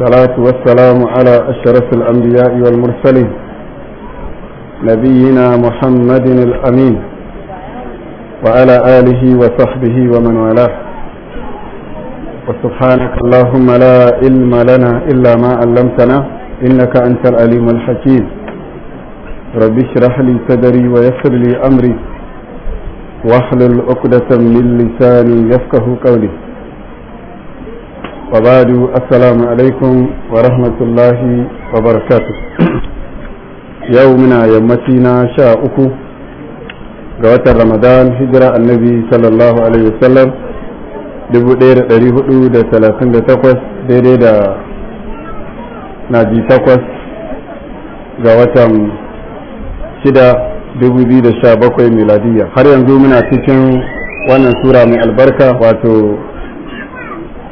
والصلاة والسلام على أشرف الأنبياء والمرسلين نبينا محمد الأمين وعلى آله وصحبه ومن والاه وسبحانك اللهم لا علم لنا إلا ما علمتنا إنك أنت العليم الحكيم رب اشرح لي صدري ويسر لي أمري واحلل عقدة من لساني يفقه قولي وبعد السلام عليكم ورحمة الله وبركاته يومنا يمتينا شاء أكو قوات رمضان هجرة da ɗari hudu da talatin da takwas daidai da ga watan shida dubu biyu da sha bakwai har yanzu muna cikin wannan sura mai albarka wato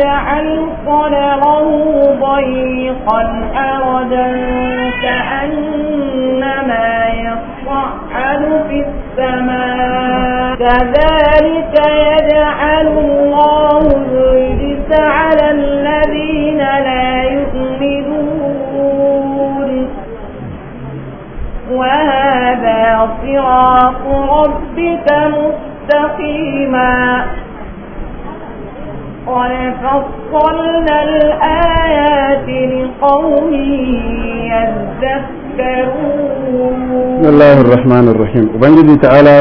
تجعل صدره ضيقا أردا كأنما يصعد في السماء كذلك يجعل الله الرجس على الذين لا يؤمنون وهذا صراط ربك مستقيما قد فصلنا الآيات لقوم يذكرون بسم الله الرحمن الرحيم وبنجد تعالى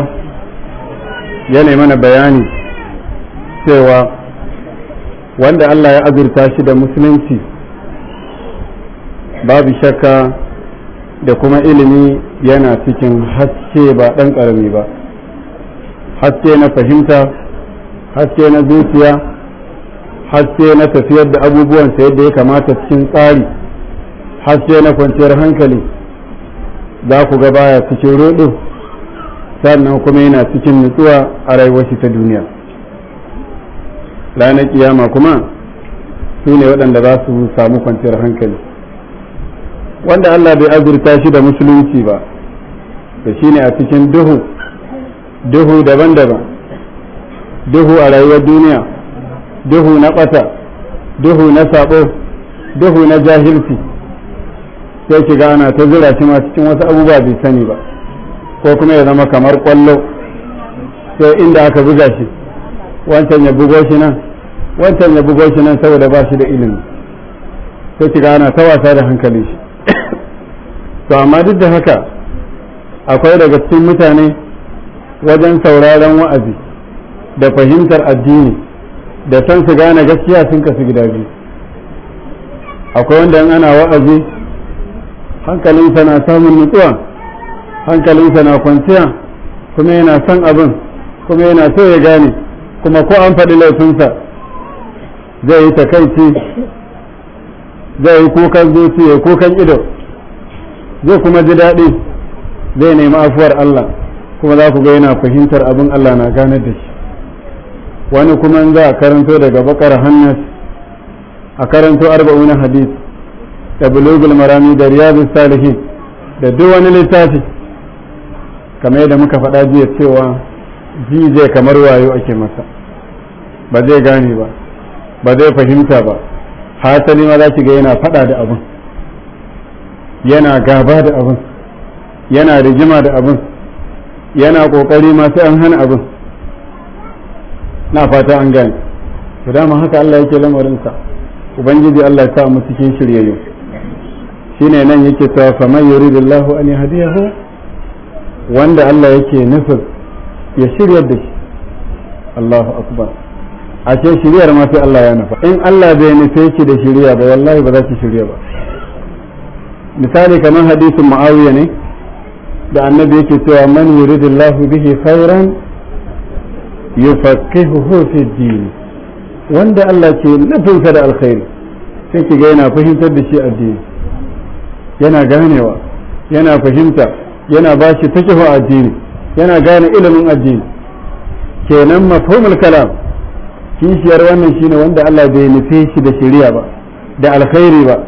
yana mana bayani cewa wanda Allah ya azurta shi da musulunci babu shakka da kuma ilimi yana cikin haske ba ɗan ƙarami ba haske na fahimta haske na zuciya har sai na tafiyar da abubuwan sa yadda ya kamata cikin tsari har na kwanciyar hankali za ku ga baya cikin rudu sannan kuma yana cikin nutsuwa a rayuwar shi ta duniya ranar kiyama kuma su ne waɗanda za su samu kwanciyar hankali wanda Allah bai azurta shi da musulunci ba da shi ne a cikin duhu duhu daban-daban duhu a rayuwar duniya duhu na ɓata duhu na saɓo duhu na jahilci sai ki ana ta zira shi ma cikin wasu abubuwa bai sani ba ko kuma ya zama kamar ƙwallo sai inda aka buga shi wancan ya bugo shi nan wancan ya bugo shi nan saboda ba shi da ilimi sai ki ana ta wasa da hankali shi to amma duk da haka akwai daga cikin mutane wajen sauraron wa'azi da fahimtar addini da san su gane gaskiya sun kasu gida biyu akwai wanda in ana wa'azi hankalinsa na samun nutsuwa hankalinsa na kwanciya kuma yana son abin kuma yana so ya gane kuma ko an faɗi laifinsa zai yi takaici zai yi kukan zuciya kukan ido zai kuma ji daɗi zai nemi afuwar Allah kuma za ku ga yana fahimtar abin Allah na ganar da shi wani kuma za a karanto daga bakar hannas a karanto arba'u na hadis da bulogul marami da riyadu salihin da duk wani littafi kamar yadda muka faɗa jiya cewa ji zai kamar wayo ake masa ba zai gane ba ba zai fahimta ba hasali ma za ki ga yana faɗa da abin yana gaba da abin yana rigima da abin yana ƙoƙari ma sai an hana abin na fata an gane ku dama haka Allah yake lamarinsa ubangiji Allah ya sa mu cikin shiryayyo shine nan yake cewa fa man yuridullahu an yahdiyahu wanda Allah yake nufi ya shiryar da shi Allahu akbar ce shiryar ma sai Allah ya nufa in Allah bai nufe ki da shirya ba wallahi ba za ki shirya ba misali kamar hadisin Muawiya ne da annabi yake cewa man yuridullahu bihi khairan yufaqihuhu fi din wanda Allah ke nufinsa da alkhairi sai ki ga yana fahimtar da shi addini yana ganewa yana fahimta yana ba shi tashahu addini yana gane ilimin addini kenan mafhumul kalam kishiyar wannan shine wanda Allah bai nufe shi da shari'a ba da alkhairi ba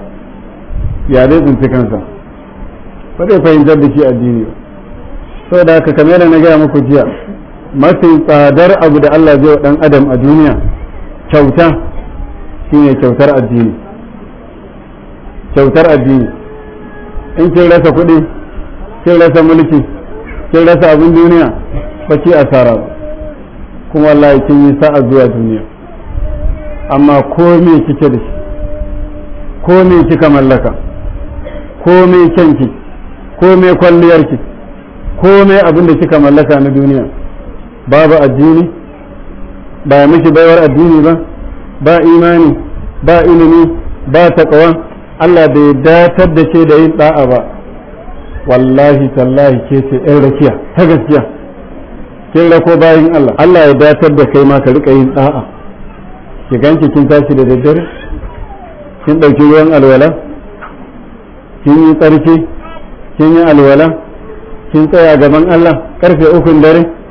ya dai tsinci kansa ba zai fahimtar da shi addini ba saboda haka kamar na gaya muku jiya mafi tsadar abu da Allah zai wa ɗan adam a duniya kyauta ne kyautar addini kyautar addini in kin rasa kuɗi kin rasa mulki kin rasa abin duniya ba ki asara ba kuma wallahi kin yi sa'a zuwa duniya amma ko me kike da shi ko me kika mallaka ko me kyanki ko me kwalliyarki ko me abin da kika mallaka na duniya babu addini ba ya mishi baiwar addini ba ba imani ba ilimi ba taqwa Allah bai datar da ke da yin da'a ba wallahi tallahi ke ce ɗan rakiya ta gaskiya kin rako bayan Allah Allah ya datar da kai ma ka rika yin da'a ki ganki kin tashi da daddare kin ɗauki ruwan alwala kin yi tsarki kin yi alwala kin tsaya gaban Allah karfe ukun dare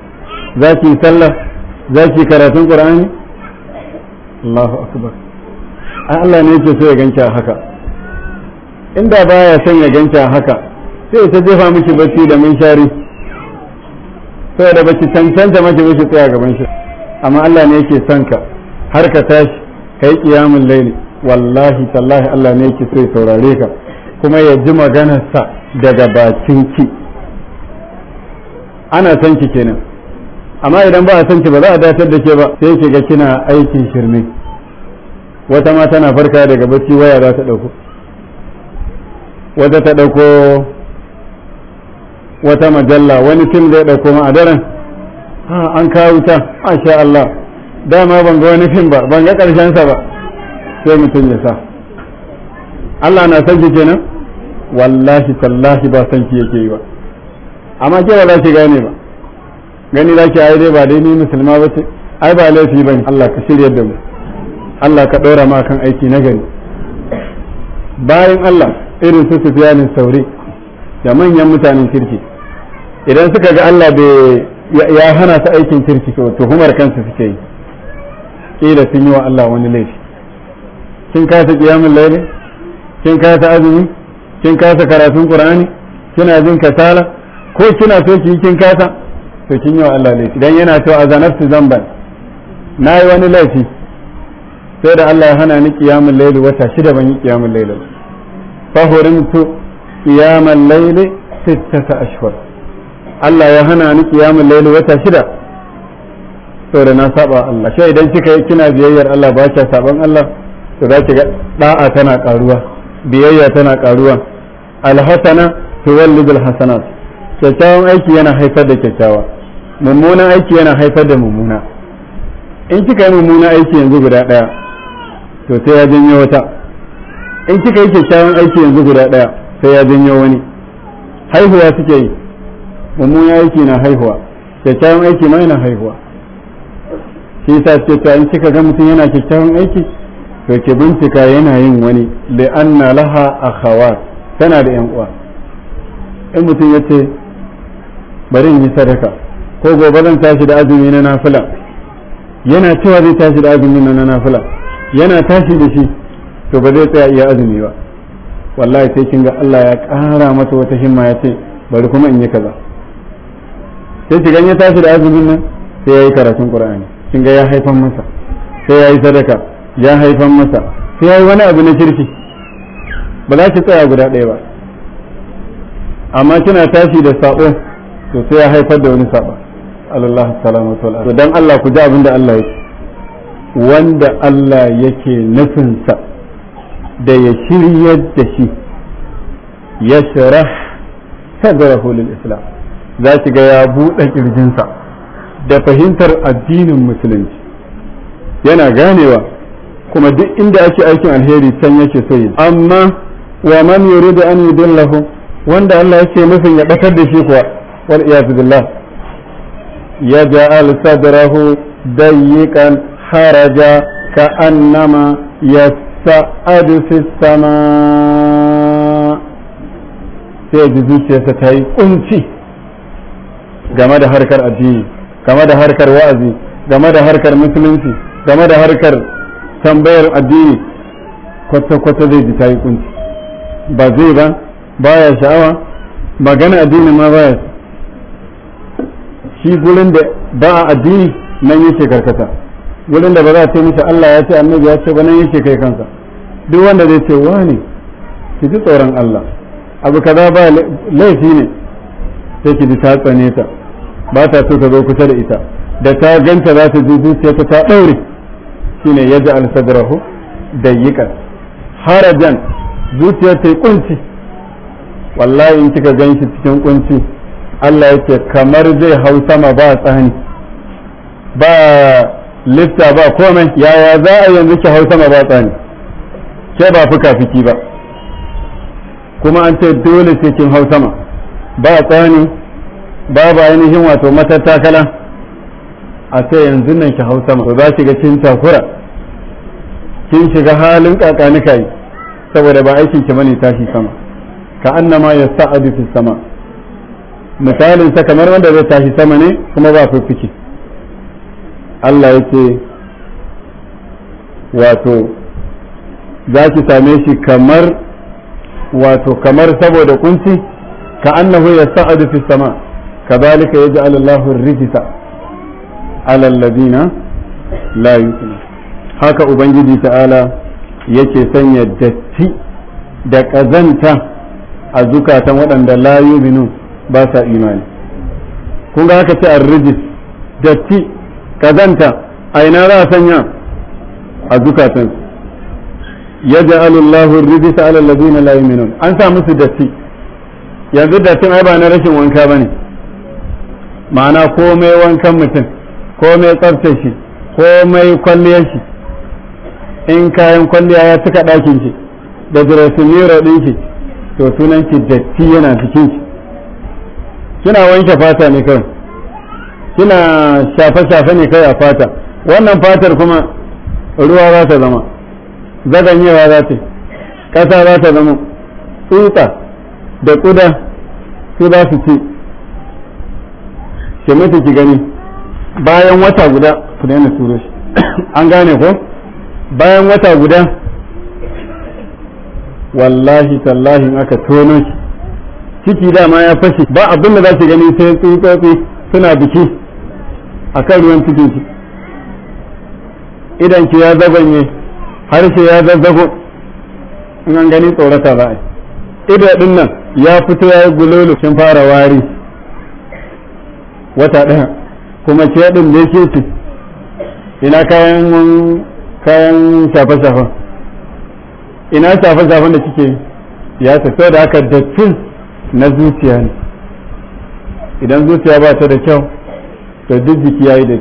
za ki sallah za ki karatun qur'ani Allahu akbar Allah ne yake so ya ganta haka inda baya son ya ganta haka sai ta jefa miki bacci da Sai da baki cancanta mace miki tsaya gaban shi amma Allah ne yake son ka har ka tashi kai qiyamul layli wallahi tallahi Allah ne yake so ya saurare ka kuma ya ji maganarsa daga bakin ana son ki kenan amma idan ba a san ki ba za a datar da ke ba sai ki ga kina aikin shirme wata ma tana farka daga bacci waya za ta dauko wata ta dauko wata majalla wani fim zai dauko ma a daren an kawo ta masha Allah dama ban ga wani fim ba ban ga karshen sa ba sai mutum ya sa Allah na san ki kenan wallahi tallahi ba san ki yake yi ba amma ke wallahi gane ba gani zaki ayi dai ba dai ni musulma ba ce ai ba laifi ne Allah ka shirya da mu Allah ka ɗora ma kan aiki na gari bayan Allah irin su Sufyanin Sauri da manyan mutanen kirki idan suka ga Allah bai ya hana su aikin kirki to tuhumar kansu suke yi kila sun yi wa Allah wani laifi kin kasa kiyamin laili kin kasa azumi kin kasa karatun qur'ani kina jin kasala ko kina so ki kin kasa to kin yi wa Allah laifi dan yana cewa zanafsi zamban na yi wani laifi sai da Allah ya hana ni kiyamun laili wata shida ban yi kiyamun laili fa hurimtu kiyamun laili sittata ashhur Allah ya hana ni kiyamun laili wata shida saboda na saba Allah sai idan kika yi kina biyayyar Allah ba kya saban Allah to za ki ga da'a tana karuwa biyayya tana karuwa alhasana tuwallidul hasanat kyakkyawan aiki yana haifar da kyakkyawa mummunan aiki yana haifar da mummuna in kika yi mummunan aiki yanzu guda ɗaya to sai ya janyo wata in kika yi kyakkyawan aiki yanzu guda ɗaya sai ya janyo wani haihuwa suke yi mummunan aiki na haihuwa kyakkyawan aiki ma yana haihuwa shi yasa ce ta in kika ga mutum yana kyakkyawan aiki to ki bincika yana yin wani li anna laha akhawat tana da yan uwa in mutum ya ce bari in yi sadaka ko gobe zan tashi da azumi na nafila yana cewa zai tashi da azumi na nafila yana tashi da shi to ba zai tsaya iya azumi ba wallahi sai kin ga Allah ya ƙara mata wata himma ya ce bari kuma in yi kaza sai shi ganye tashi da azumin nan sai yayi karatun Qur'ani kin ga ya haifan masa sai yayi sadaka ya haifan masa sai yayi wani abu na kirki ba za ki tsaya guda ɗaya ba amma kina tashi da sabo to sai ya haifar da wani saba Allah salamatu wal dan Allah ku ji abin da Allah yake wanda Allah yake nufinsa da ya shiryar da shi ya shirah sadrahu hulun islam za ki ga ya buɗe ƙirjinsa da fahimtar addinin musulunci yana ganewa kuma duk inda ake aikin alheri can yake so yi amma wa man yuridu an yudillahu wanda Allah yake nufin ya batar da shi kuwa wal iyaz billah يجعل صدره ضيقا حرجا كأنما يسعد في السماء sai zuciyarsa ta yi kunci game da harkar addini game da harkar wa'azi game da harkar musulunci game da harkar tambayar addini kwata-kwata zai ji ta yi kunci ba zai ba ya sha'awa magana addini ma ba baya shi gurin da ba a addini nan yake karkata gurin da ba za a ce masa Allah ya ce annabi ya ce ba nan yake kai kansa duk wanda zai ce ne ki ji tsoron Allah abu kaza ba laifi ne sai ki ji ta tsane ta ba ta so ta zo kusa da ita da ta ganta za ta ji zuciyarta ta daure shine yaja al sadrahu dayyikan harajan zuciyar ta kunci wallahi in kika ganshi cikin kunci Allah yake kamar zai hau sama ba tsani ba lifta ba komai yaya za a yanzu ki hau sama ba tsani ke ba fuka fiki ba kuma an ce dole sai kin hau sama ba tsani ba babu ainihin wato matattakala a ce yanzu nan ki hau sama to za ki ga kin takura kin shiga halin kakanika yi saboda ba aikin ki bane tashi sama ka annama yasta'adu fis sama' misalin sa kamar wanda zai tashi sama ne kuma ba fiki Allah yake wato za ki same shi kamar wato kamar saboda kunci ka annahu sa'adu fi sama ka yaj'al Allahu ar-rijsa ala alladhina la yu'minun haka ubangiji ta'ala yake sanya datti da ƙazanta a zukatan waɗanda la yu'minun ba sa imani kun ga aka ce arrijis datti kazanta a ina za a sanya a zukatan yaj'alu Allahu ar-rijis 'ala alladhina la yu'minun an sa musu datti yanzu dattin ai ba na rashin wanka bane ma'ana komai wankan mutum komai tsaftar shi komai kwalliyar shi in kayan kwalliya ya cika ɗakin shi da dressing mirror raɗin shi to sunan shi datti yana cikin shi kina wanke fata ne kawai kina shafe-shafe ne kai a fata wannan fatar kuma ruwa za ta zama zaganyewa za ta ƙasa za ta zama tsutsa da kuda su za su ci ke mutu ki gani bayan wata guda ku daina turo shi an gane ko bayan wata guda wallahi tallahi aka tono shi ciki dama ya fashe ba abin da za su gani sai tsutsotsi suna biki a kan ruwan cikin ki idan ki ya har harshe ya zazzago in an gani tsorata ba ido din nan ya fito ya yi gulolo sun fara wari wata ɗaya kuma ke din da ce ina kayan kayan shafe-shafen ina shafe-shafen da kike ya tafiya da aka dattin na zuciya ne idan zuciya ba ta da kyau to duk jiki yayi da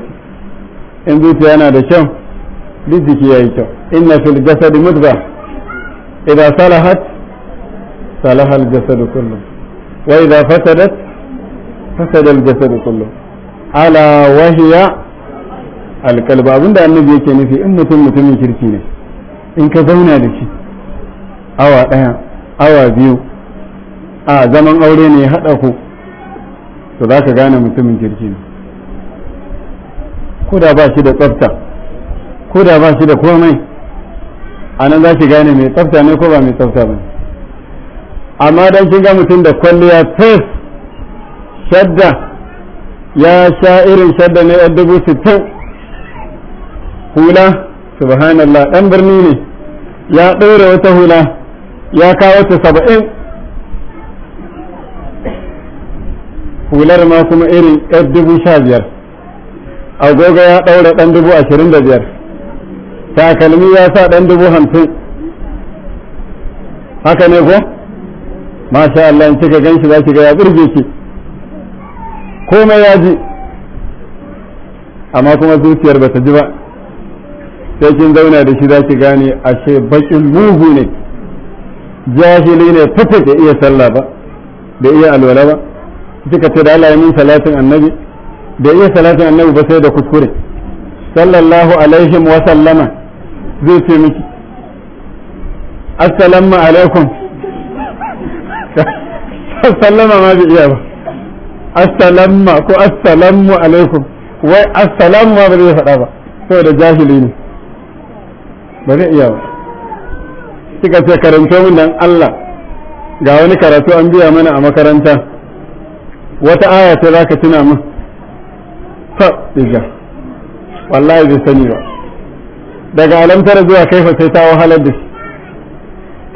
in zuciya na da kyau duk jiki yayi kyau inna fil jasadi mudghah idan salahat salaha al jasadu kullu wa idan fasadat fasada al jasadu kullu ala wahiya al qalb abinda annabi yake nufi in mutum mutumin kirki ne in ka zauna da shi awa daya awa biyu a zaman aure ne ya haɗa ku to za ka gane mutumin kirki ne ko da ba shi da tsafta ko da ba shi da komai a nan za ki gane mai tsafta ne ko ba mai tsafta ba amma don kin ga mutum da kwalliya fes shadda ya sha irin shadda ne yan dubu sittin hula subhanallah ɗan birni ne ya ɗaure wata hula ya kawo ta saba'in hular ma kuma irin yar dubu sha biyar agogo ya ɗaura ɗan dubu ashirin da biyar takalmi ya sa ɗan dubu hamsin haka ne ko masha Allah in kika gan shi za ki ga ya ki komai ya ji amma kuma zuciyar ba ta ji ba sai kin zauna da shi za ki gane ashe bakin mugu ne jahili ne fata da iya sallah ba da iya alwala ba kika ce da Allah min salatin annabi da iya salatin annabi ba sai da kuskure sallallahu alaihi wa sallama zai ce miki assalamu alaikum sallama ma bi iya ba assalamu ko assalamu alaikum wai assalamu ma ba zai faɗa ba saboda jahili ne ba zai iya ba kika ce karanto min dan Allah ga wani karatu an biya mana a makaranta wata aya ta za ka tuna min ta diga wallahi bai sani ba daga alamtar zuwa kaifa sai ta wahalar da shi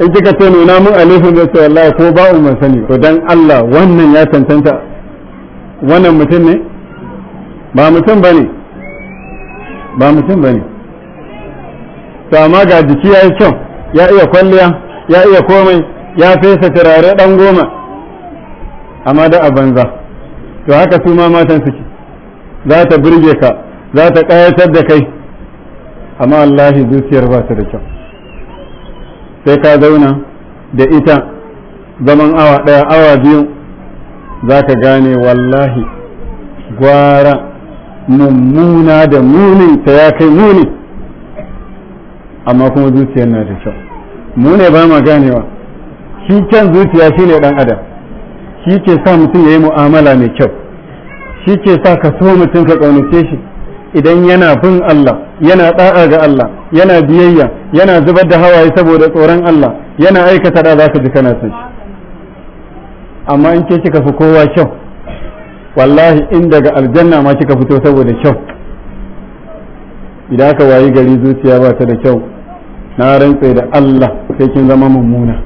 in kika ce nuna mun alifin da ce wallahi ko ba umar sani to dan Allah wannan ya tantanta wannan mutum ne ba mutum bane ba mutum bane to amma ga jiki yayi kyau ya iya kwalliya ya iya komai ya fesa turare dan goma amma da a banza to haka su ma matan suke za ta burge ka za ta ƙayatar da kai amma wallahi zuciyar ba ta da kyau sai ka zauna da ita zaman awa ɗaya awa biyu za ka gane wallahi gwara mummuna da munin ta ya kai muni amma kuma zuciyar na da kyau mune ba ma ganewa shi can zuciya shine ɗan adam shi ke sa mutum ya yi mu'amala mai kyau shi ke sa ka so mutum ka ƙaunace shi idan yana bin Allah yana ɗa'a ga Allah yana biyayya yana zubar da hawaye saboda tsoron Allah yana aikata da za ka ji kana son amma in ke kika fi kowa kyau wallahi in daga aljanna ma kika fito saboda kyau idan aka wayi gari zuciya ba ta da kyau na rantse da Allah sai kin zama mummuna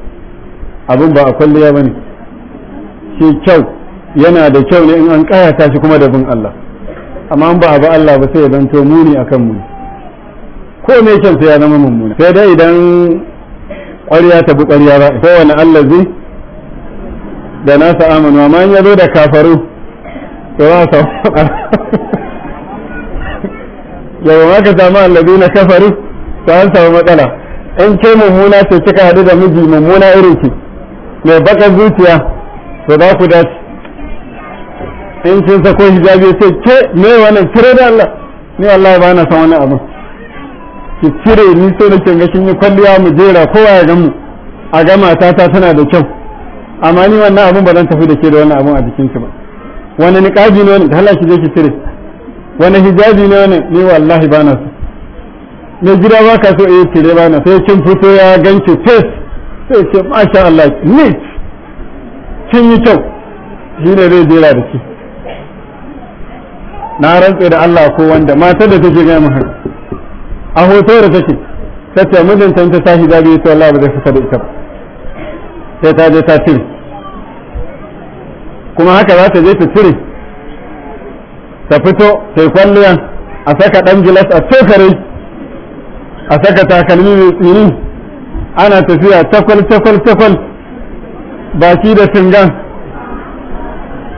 abin ba a kwalliya bane ke kyau yana da kyau ne in an kayata shi kuma da bin Allah amma ba a ba Allah ba sai ya zanto muni akan muni ko me kyan sai ya zama mummuna sai dai idan ƙwarya ta bi ƙwarya ba ko wani zai da nasa amanu amma in yazo da kafaru to ba sa yau ma ka samu allazi na kafaru to an samu matsala in ke mummuna ce kika haɗu da miji mummuna irin ki mai baka zuciya to za ku dace in sun sako hijabi ya ce ke me wannan cire da Allah ni Allah ba na san wani abu ki cire ni so na ke kin yi kwalliya mu jera kowa ya gamu a gama ta ta tana da kyau amma ni wannan abun ba zan tafi da ke da wannan abun a jikinki ba wani niƙaji ne wani Allah halashi zai ki cire wani hijabi ne wani ni wallahi ba na so mai gida ba ka so eh cire ba na sai kin fito ya ganci fes sai ce masha Allah neat sun yi kyau shi ne zai jera da ke na rantse da Allah ko wanda matar da take gaya mun a hoto da take ta ce mijinta ta tashi zabi sai Allah ba zai fita da ita ba sai ta je ta cire kuma haka za ta je ta cire ta fito ta yi kwalliya a saka ɗan gilas a tsokare a saka takalmi mai tsini ana tafiya takwal takwal takwal baki da tungan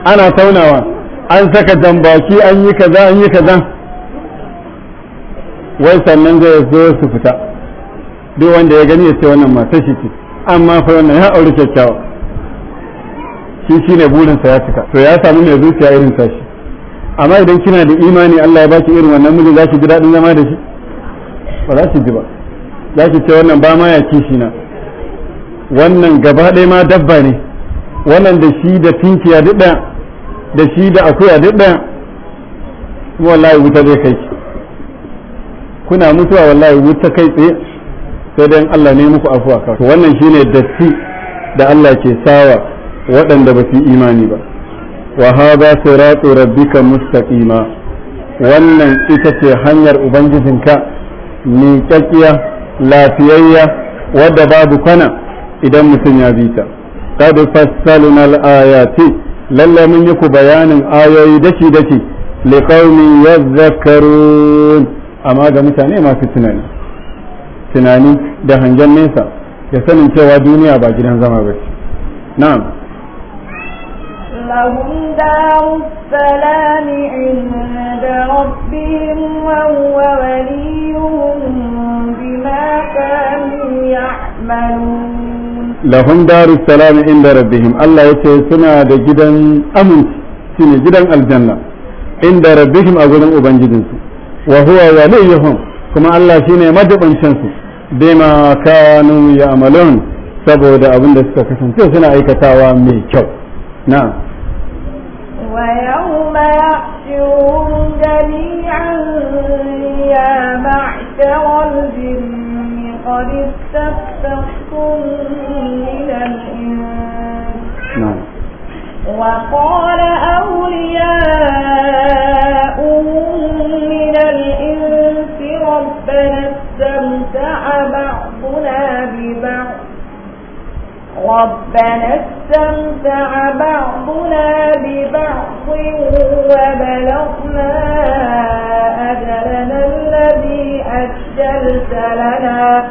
ana taunawa an saka baki an yi kaza an yi kaza wai sannan zai zo su fita duk wanda ya gani ya ce wannan mata shi ce amma fa wannan ya auri kyakkyawa shi shi ne burinsa ya cika to ya samu mai zuciya irin sa shi amma idan kina da imani Allah ya baki irin wannan mijin za ki ji daɗin zama da shi ba za ki ji ba za ki ce wannan ba ma ya kishi na wannan gaba ɗaya ma dabba ne wannan da shi da tinkiya duɗa da shi da akuya duɗa wallahi wuta zai kai kuna mutuwa wallahi wuta kai tsaye sai dai Allah ne muku afuwa ka wannan shine datti da Allah ke sawa waɗanda ba su imani ba wa hadha siratu rabbika mustaqima wannan ita ce hanyar ubangijinka miƙaƙiya lafiyayya wadda babu kwana idan mutum ya bi ta qad fassalna al-ayati lalle mun yi ku bayanin ayoyi dake daki li qaumin yadhakkarun amma ga mutane masu tunani tunani da hangen nesa da sanin cewa duniya ba gidan zama ba ce na'am لهم دار السلام عند ربهم وهو وليهم بما كانوا يعملون lahum daru salam inda rabbihim Allah yace suna da gidan aminci shine gidan aljanna inda rabbihim a gurin ubangijinsu wa huwa waliyuhum kuma Allah shine madubancin su bima kanu ya'malun saboda abin da suka kasance suna aikatawa mai kyau na'am wa yawma ya'tihum jami'an ya ma'shar قد استفتحتم من الإنس نعم وقال أولياؤهم من الإنس ربنا استمتع بعض ربنا استمتع بعضنا ببعض وبلغنا أجلنا الذي أجلت لنا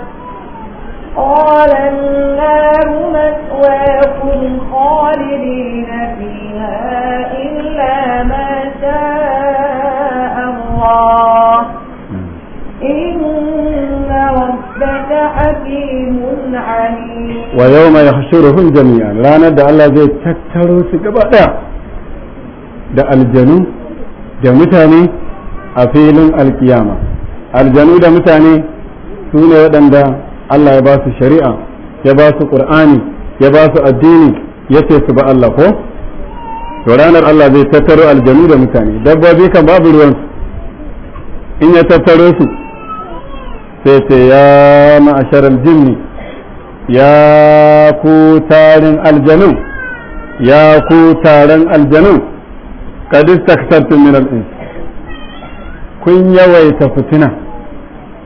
قال النار مسواكم خالدين فيها إلا ما شاء الله إن wa حكيم عليم ويوم يحشرهم da Allah zai tattaro su gaba سكبا da aljanu da mutane a filin alkiyama aljanu da mutane su ne waɗanda Allah ya ba su shari'a ya ba su ƙur'ani ya ba su addini ya ce su ba Allah ko to ranar Allah zai tattaro aljanu da mutane dabbobi kan babu ruwan in ya tattaro su sai ce ya ma'asharar jinni ya ku tarin aljanu ya ku taron aljanu kad istaktartum min al kun yawaita fitina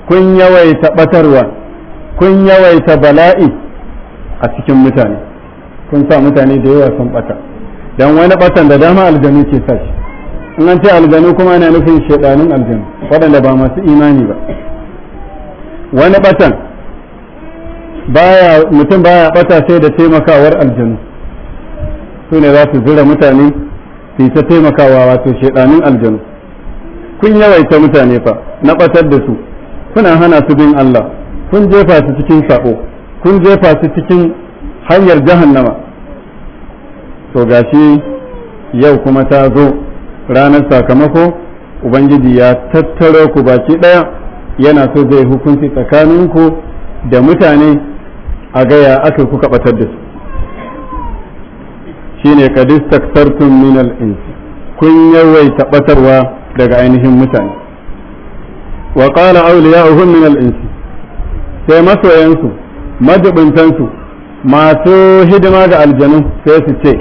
kun yawaita batarwa kun yawaita bala'i a cikin mutane kun sa mutane da yawa sun bata dan wani batan da dama aljanu ke sa shi in an ce aljanu kuma yana nufin shaidanin aljanu waɗanda ba masu imani ba wani batan baya mutum baya bata sai da taimakawar aljanu su ne za su zura mutane su yi ta taimakawa wato shaidanin aljanu kun yawaita mutane fa na batar da su kuna hana su bin Allah kun jefa su cikin sako kun jefa su cikin hanyar jahannama to gashi yau kuma ta zo ranar sakamako ubangiji ya tattaro ku baki daya yana so zai hukunci tsakaninku da mutane a gaya aka kuka batar da su shine kadis taktartum min al-ins kun yawaita batarwa daga ainihin mutane wa qala awliya'uhum min al-ins sai masoyansu madubuntansu masu hidima ga aljanu sai su ce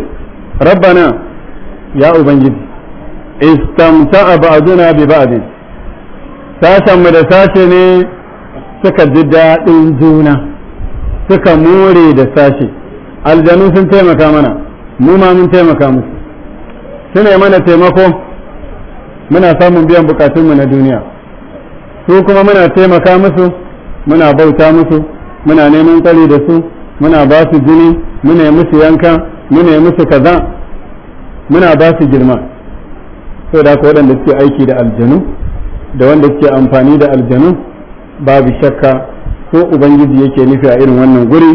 rabbana ya ubangiji istamta'a ba'duna bi ba'din mu da sashe ne suka ji daɗin juna suka more da sashe aljanu sun taimaka mana mu ma mun taimaka musu suna mana taimako muna samun biyan bukatunmu na duniya su kuma muna taimaka musu muna bauta musu muna neman tsari da su muna ba su jini muna musu yanka muna musu kaza muna ba su girma da haka waɗanda suke aiki da aljanu da wanda ke amfani da aljanu babu shakka ko ubangiji yake nufi a irin wannan guri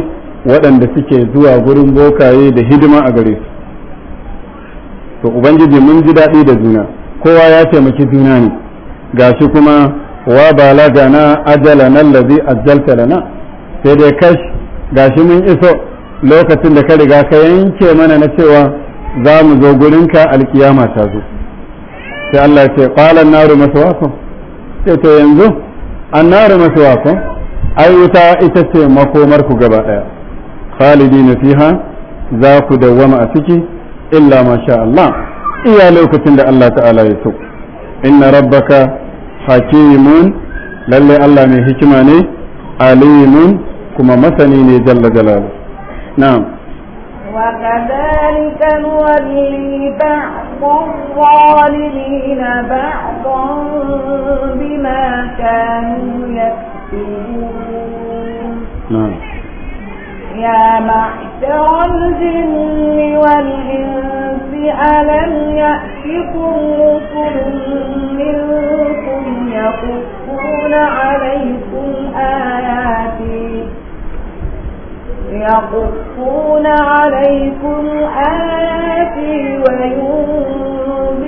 waɗanda suke zuwa gurin bokaye da hidima a gare su to ubangiji mun ji daɗi da juna kowa ya taimaki juna ne ga shi kuma wa ajala nan lazi ajalta lana sai dai kash shi mun iso lokacin da ka riga ka yanke mana na cewa za mu zo gurinka alkiyama ta zo sai Allah ya ce qala an-naru maswaakum sai eh, to yanzu annar maswaqu ai wuta ita ce makomar ku gaba daya khalidin fiha za ku dawama a ciki illa masha Allah iya lokacin da Allah ta'ala ya so inna rabbaka hakimun lalle Allah mai hikima ne alimun kuma masani ne jalla jalalu na'am وكذلك نولي بعض الظالمين بعضا بما كانوا يكسبون نعم يا معشر الجن والإنس ألم يأتكم رسل منكم يقصون عليكم آياتي يقصون عليكم آياتي وينذرونكم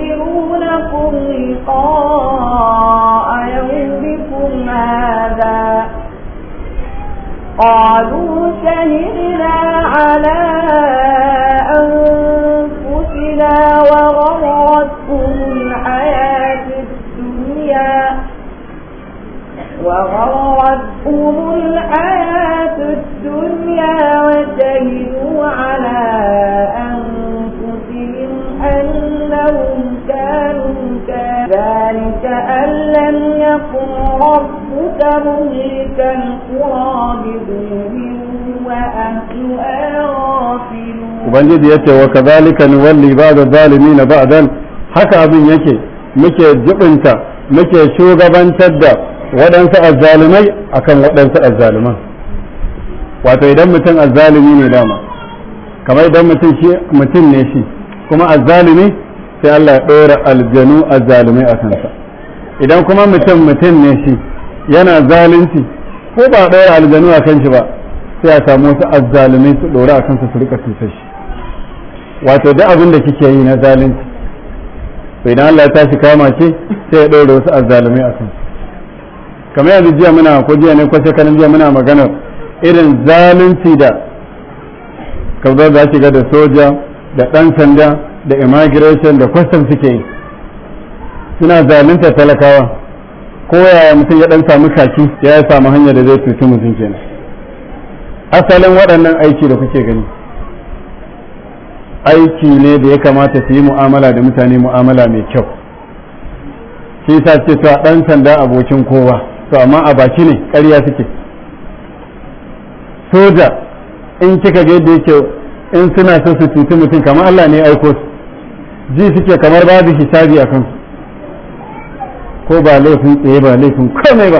لقاء يومكم هذا قالوا شهدنا على أنفسنا وغرتهم الحياة الدنيا وغرتهم الحياة شهدوا على أنفسهم أنهم كانوا كافرين ذلك أن لم يكن ربك مهلك القرى وأهل وأهلها غافلون وبنجد وكذلك نولي بعد الظالمين بعدا حكى بن يكي muke jibinta muke shugabantar da waɗansu azzalumai akan waɗansu azzaluman wato idan mutum azzalimi ne dama kamar idan mutum shi mutum ne shi kuma azzalimi sai Allah ya ɗora aljanu azzalimi a kansa idan kuma mutum mutum ne shi yana zalunci ko ba ɗora aljanu a kan shi ba sai a samu wasu azzalimai su dora a kansa su rika tusa shi wato duk abin da kike yi na zalunci to idan Allah ya tashi kama ce sai ya ɗora wasu azzalimai a kansa kamar yanzu jiya muna ko jiya ne ko shekarun jiya muna maganar irin zalunci da kaza za shiga da soja da ɗan sanda da immigration da kwastam suke yi suna zalunta talakawa ko yaya mutum ya ɗan samu kaki ya samu hanya da zai cuci mutum kenan asalin waɗannan aiki da kuke gani aiki ne da ya kamata su yi mu'amala da mutane mu'amala mai kyau shi sa ce to a ɗan sanda abokin kowa to amma a baki ne ƙarya suke soja in kika ga yadda yake in suna son su cuci mutum kamar Allah ne aiko su ji suke kamar babu hisabi a kansu ko ba laifin tsaye ba laifin komai ba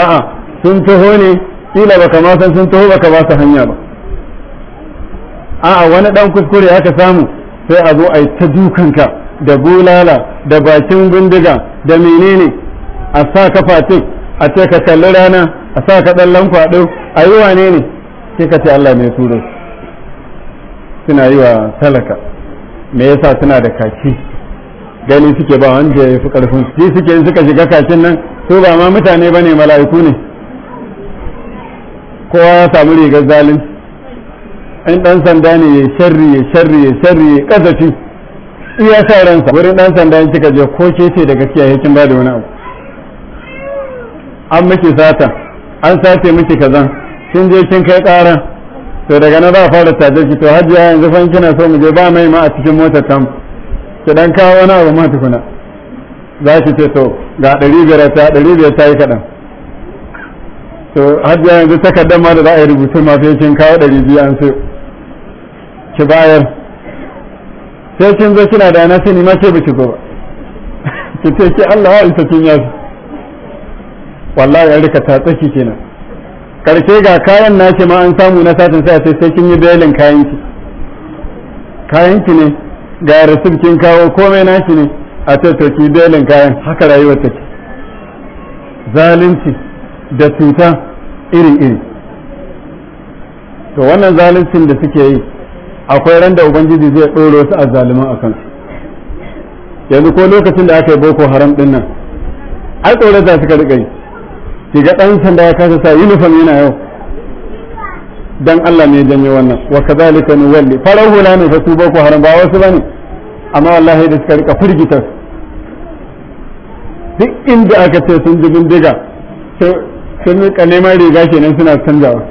a'a sun taho ne kila ba kama san sun taho baka ba su hanya ba a'a wani dan kuskure aka samu sai a zo a yi ta dukanka da bulala da bakin bindiga da menene a sa kafa a ce ka kalli rana a sa ka dan lankwado ai wane ne sai ka ce Allah ne ya turo suna yi wa talaka me yasa suna da kaki gani suke ba wanda ya fi karfin su suke in suka shiga kakin nan su ba ma mutane ba ne mala'iku ne kowa ya samu rigar zalin in dan sanda ne ya sharri ya sharri ya sharri ya kazafi iya sa ransa wurin dan sanda in kika je ko ke ce da gaskiya ya kin ba da wani abu an miki sata an sace miki kazan kin je kin kai ƙara to daga nan za a fara tajar ki to hajiya yanzu fa kina so mu je ba mai ma a cikin motar tam ki dan kawo wani abu ma tukuna za ki ce to ga ɗari biyar ta ɗari biyar ta yi kaɗan to hajiya yanzu takardar ma da za a yi rubutu ma sai kin kawo ɗari biyu an so ki bayar sai kin zo kina da na sani ma ce ba ki zo ba ki ce ki Allah ya isa kin yasu wallahi an rika ta tsaki kenan karshe ga kayan nashi ma an samu na satin sai sai sai kin yi belin kayanki kayanki ne ga rasul kin kawo komai nashi ne a ce to ki belin kayan haka rayuwar take zalunci da cuta iri iri to wannan zaluncin da suke yi akwai ran da ubangiji zai ɗoro su azzaliman a kansu yanzu ko lokacin da aka yi boko haram ɗin nan ai tsoron za su ka riƙa yi ki ga ɗan sanda ya kasa sa uniform yana yau dan Allah ne janye wannan wa kadhalika walli. farar hula ne fa su boko haram ba wasu bane amma wallahi da suka rika furgitar duk inda aka ce sun ji bindiga sun rika neman riga kenan suna canjawa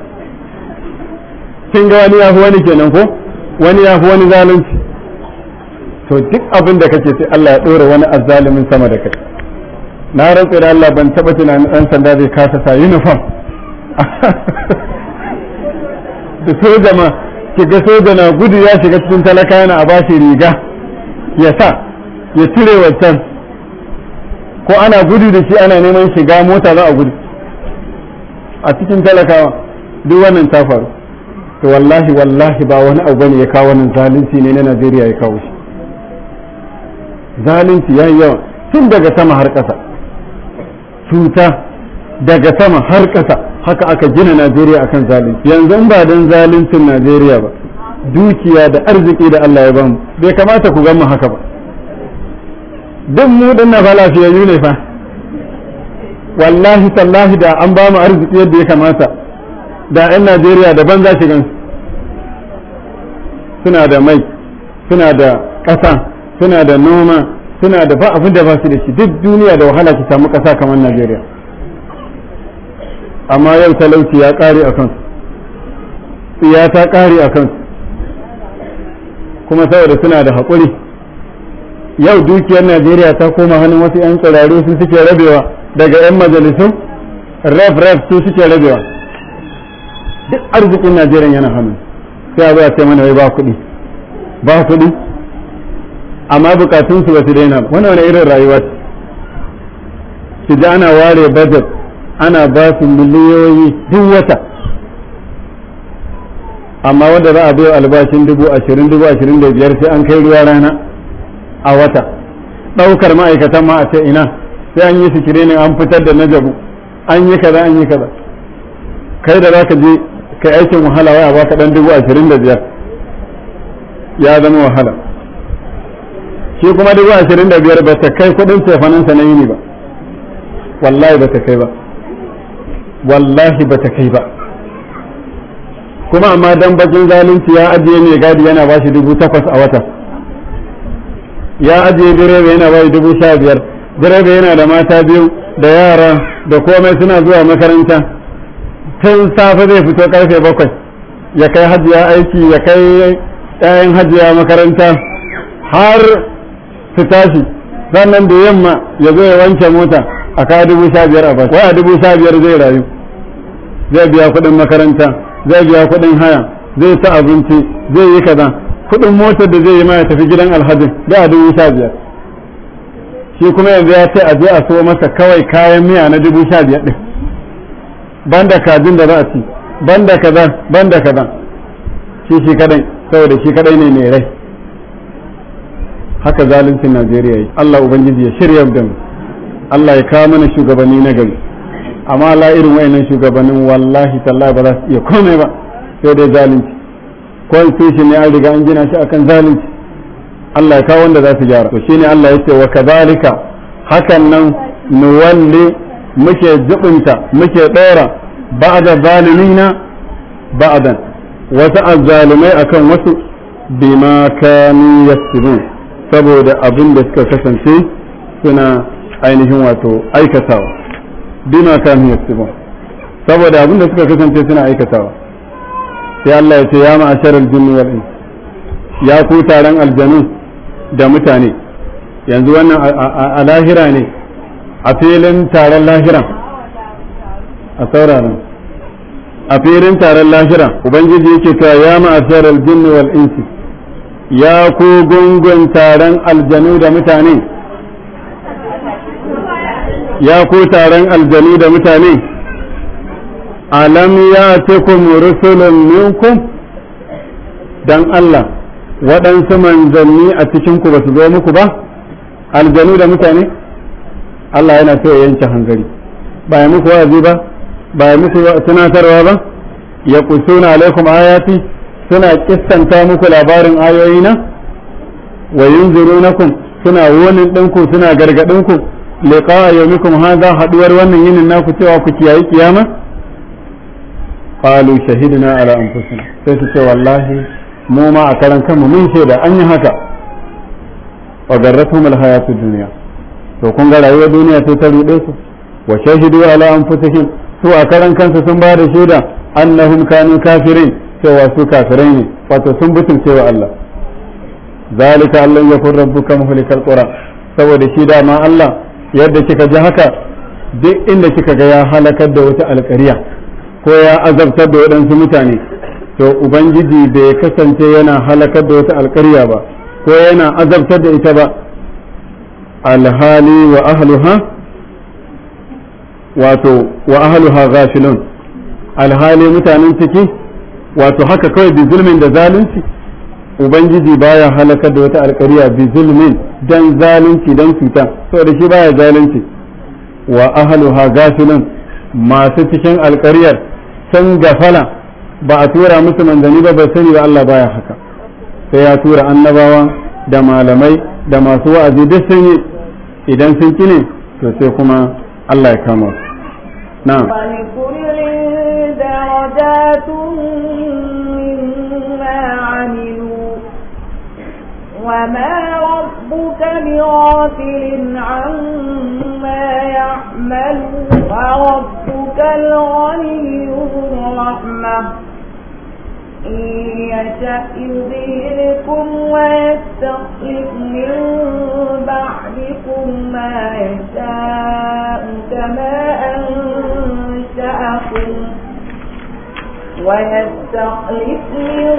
kin ga wani ya fi wani kenan ko wani ya fi wani zalunci to duk abin da kake sai Allah ya ɗora wani azzalimin sama da kai na rantsa da Allah ban taba tunanin dan sanda zai kasa sa uniform da soja ma shiga soja na gudu ya shiga cikin talaka yana a bashi riga ya sa ya cire wancan ko ana gudu da shi ana neman shiga mota za a gudu a cikin talakawa duk wannan ta faru to wallahi wallahi ba wani abu bane ya kawo wannan zalunci ne na Najeriya ya kawo shi zalunci yayi yawa tun daga sama har ƙasa cuta daga sama har ƙasa haka aka gina najeriya akan zalunci yanzu ba don zaluncin najeriya ba dukiya da arziki da allah ya bamu bai kamata ku mu haka ba duk mu din na lafiyayyu ne fa wallahi tallahi da an ba mu arziki yadda ya kamata da 'yan najeriya daban za shi gansu suna da mai suna da ƙasa suna da noma suna da ba abin da ba su da shi duk duniya da wahala ki samu ƙasa kamar najeriya amma yau talauci ya ƙare a kansu tsiya ta ƙare a kansu kuma saboda suna da haƙuri yau dukiyar najeriya ta koma hannun wasu 'yan tsiraru su suke rabewa daga 'yan majalisun ref ref su suke rabewa duk arzikin najeriya yana hannu sai a ce mana wai ba kuɗi ba kuɗi amma bukatun su ba su daina wannan wani irin rayuwa su ji ana ware budget ana ba su miliyoyi duk wata amma wanda za a biyo albashin dubu ashirin dubu ashirin da biyar sai an kai ruwa rana a wata ɗaukar ma'aikatan ma a ce ina sai an yi ne an fitar da najabu an yi kaza an yi kaza kai da za ka je kai aikin wahala ya ba ka ɗan dubu ashirin da biyar ya zama wahala shi kuma dubu ashirin da biyar ba ta kai kudin sa na yini ba wallahi ba ta kai ba wallahi ba ta kai ba kuma amma dan bakin zalunci ya ajiye mai gadi yana ba shi dubu takwas a wata ya ajiye direba yana ba shi dubu sha biyar direba yana da mata biyu da yara da komai suna zuwa makaranta tun safe zai fito karfe bakwai ya kai hajiya aiki ya kai 'ya'yan hajiya makaranta har su tashi sannan da yamma ya zo ya wanke mota a kawo dubu sha biyar a bashi waya dubu sha biyar zai rayu zai biya kuɗin makaranta zai biya kuɗin haya zai ta abinci zai yi kaza kuɗin motar da zai yi ma ya tafi gidan alhajin da a dubu sha biyar shi kuma yanzu ya ce a je a so masa kawai kayan miya na dubu sha biyar ɗin banda kajin da za a ci banda kaza banda kaza shi shi kadai saboda shi kadai ne mai rai haka zaluncin Najeriya yi Allah ubangiji ya shirya da mu Allah ya kawo mana shugabanni na gari amma la irin wayannan shugabannin wallahi tallahi ba za su iya komai ba sai dai zalunci constitution ne an riga an gina shi akan zalunci Allah ya kawo wanda za su gyara to shine Allah ya ce wa kadhalika hakan nan walli muke zubunta muke dora ba'da zalimina ba'dan wasu azzalumai akan wasu bima kanu saboda abin da suka kasance suna ainihin wato aikatawa bima kan yasibun saboda abin da suka kasance suna aikatawa sai Allah ya ce ya ma'ashar aljinni wal ya ku taron aljanu da mutane yanzu wannan a lahira ne a filin taron lahiran a sauraron a filin taron lahiran ubangiji yake ta ya ma'ashar aljinni wal insi ya ku gungun taron aljanu da mutane ya ku taron aljanu da mutane alam ya cikin rusulun minkum dan Allah waɗansu manzanni a cikinku ba su zo muku ba aljanu da mutane Allah yana so ya yanke hangari ba ya muku wa'azi ba ba ya muku tunatarwa ba ya kusuna alaikum ayati suna kissanta muku labarin ayoyi na wa yunzirunakum suna wonin dinku suna gargaɗinku liqa yawmikum hadha haduwar wannan yinin naku cewa ku kiyayi kiyama qalu shahidna ala anfusina sai su ce wallahi mu ma a karan kanmu mun da an yi haka wa garratuhum alhayatu dunya to kun ga rayuwar duniya sai ta rude su wa shahidu ala anfusihim su a karan kansu sun ba da shaida annahum kanu kafirin cewa su kafirai ne wato sun butulce wa Allah zalika Allah ya kun rabbuka muhlikal qura saboda shi dama Allah yadda kika ji haka duk inda kika ga ya halakar da wata alƙarya ko ya azabtar da waɗansu mutane to ubangiji bai kasance yana halakar da wata alƙarya ba ko yana azabtar da ita ba alhali wa ahluha wato wa ahluha ghafilun alhali mutanen ciki wato haka kawai bi zulmin da zalunci ubangiji baya halakar da wata alkariya bi zulmin dan zalunci dan cuta saboda shi baya zalunci wa ha gafilun masu cikin alkariyar san gafala ba a tura musu manzanni ba ba sani ba Allah baya haka sai ya tura annabawa da malamai da masu wa'azi duk sun yi idan sun kine to sai kuma Allah ya kama su وما ربك بغافل عما يعمل وربك الغني الرحمة إن يشأ يذهبكم ويستخلف من بعدكم ما يشاء كما أنشأكم ويستخلف من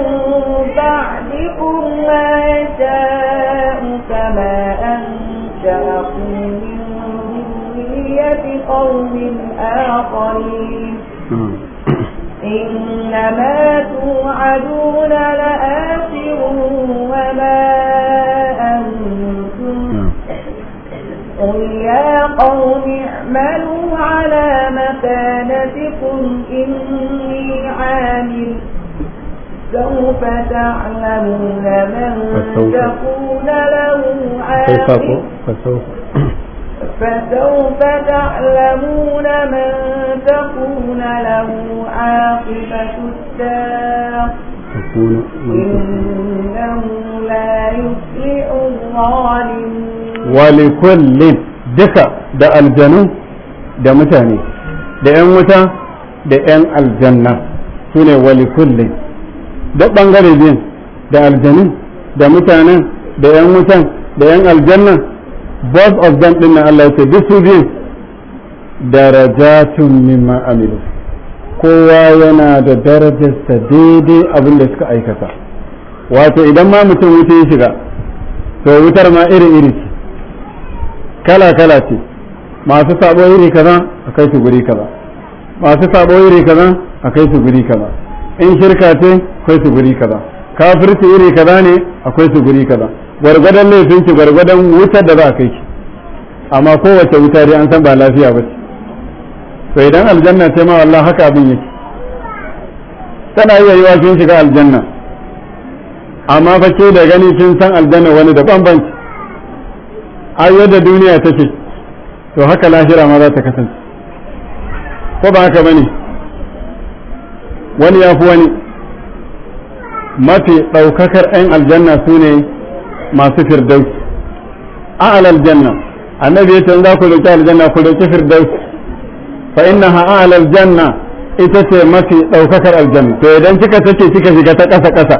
بعدكم ما لقوم آخرين نعم. إنما توعدون لآخر وما أنتم نعم. قل يا قوم اعملوا على مكانتكم إني عامل سوف تعلمون من تكون له عامل فسوف فسوف تعلمون من تكون له عاقبة الساق إنه لا يفلح الظالمون ولكل دكا دا الجنة دا متاني da 'yan wuta da 'yan aljanna su ne wali kulle duk ɓangare biyun da aljanin da mutanen da 'yan wutan da 'yan aljanna. both of them din nan Allah ya ce duk biyu darajatun mimma amilu kowa yana da darajarsa daidai abin da suka aikata wato idan ma mutum wuta ya shiga to wutar ma iri iri ce kala kala ce masu sabo iri kaza a kai su guri kaza masu sabo iri kaza a kai su guri kaza in shirka ce akwai su guri kaza kafirci iri kaza ne akwai su guri kaza gwargwadon laifin ki gwargwadon wutar da za a kai ki amma kowace wuta dai an san ba lafiya ba to idan aljanna ce ma wallahi haka abin yake tana iya yiwa kin shiga aljanna amma fa ke da gani kin san aljanna wani da bambanci ai yadda duniya take to haka lahira ma za ta kasance ko ba haka bane wani ya fi wani mafi ɗaukakar 'yan aljanna su ne masu firdausi a'lal janna annabi ya za ku roki aljanna ku roki firdausi fa innaha a'lal janna ita ce mafi daukakar aljanna to idan kika sake kika shiga ta kasa kasa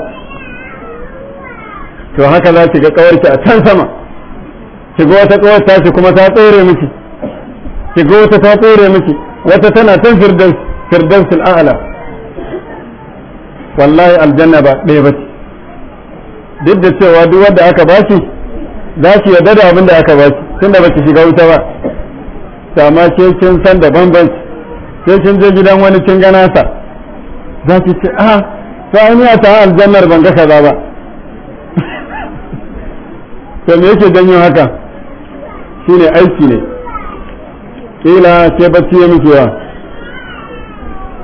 to haka za ki ga kawarki a can sama shiga wata kawar tashi kuma ta tsere miki shiga wata ta tsere miki wata tana tun firdaus firdaus al'ala wallahi aljanna ba ɗaya ba ce duk da cewa duk wanda aka ba shi za su yarda da abin da aka ba shi tun da baki shiga wuta ba amma ke kin san da bambanci sai kin je gidan wani kin gana sa za ki ce ah, a to an ya ta aljannar ban ga kaza ba to me yake janyo haka shine aiki ne kila ke bacci ya miki yawa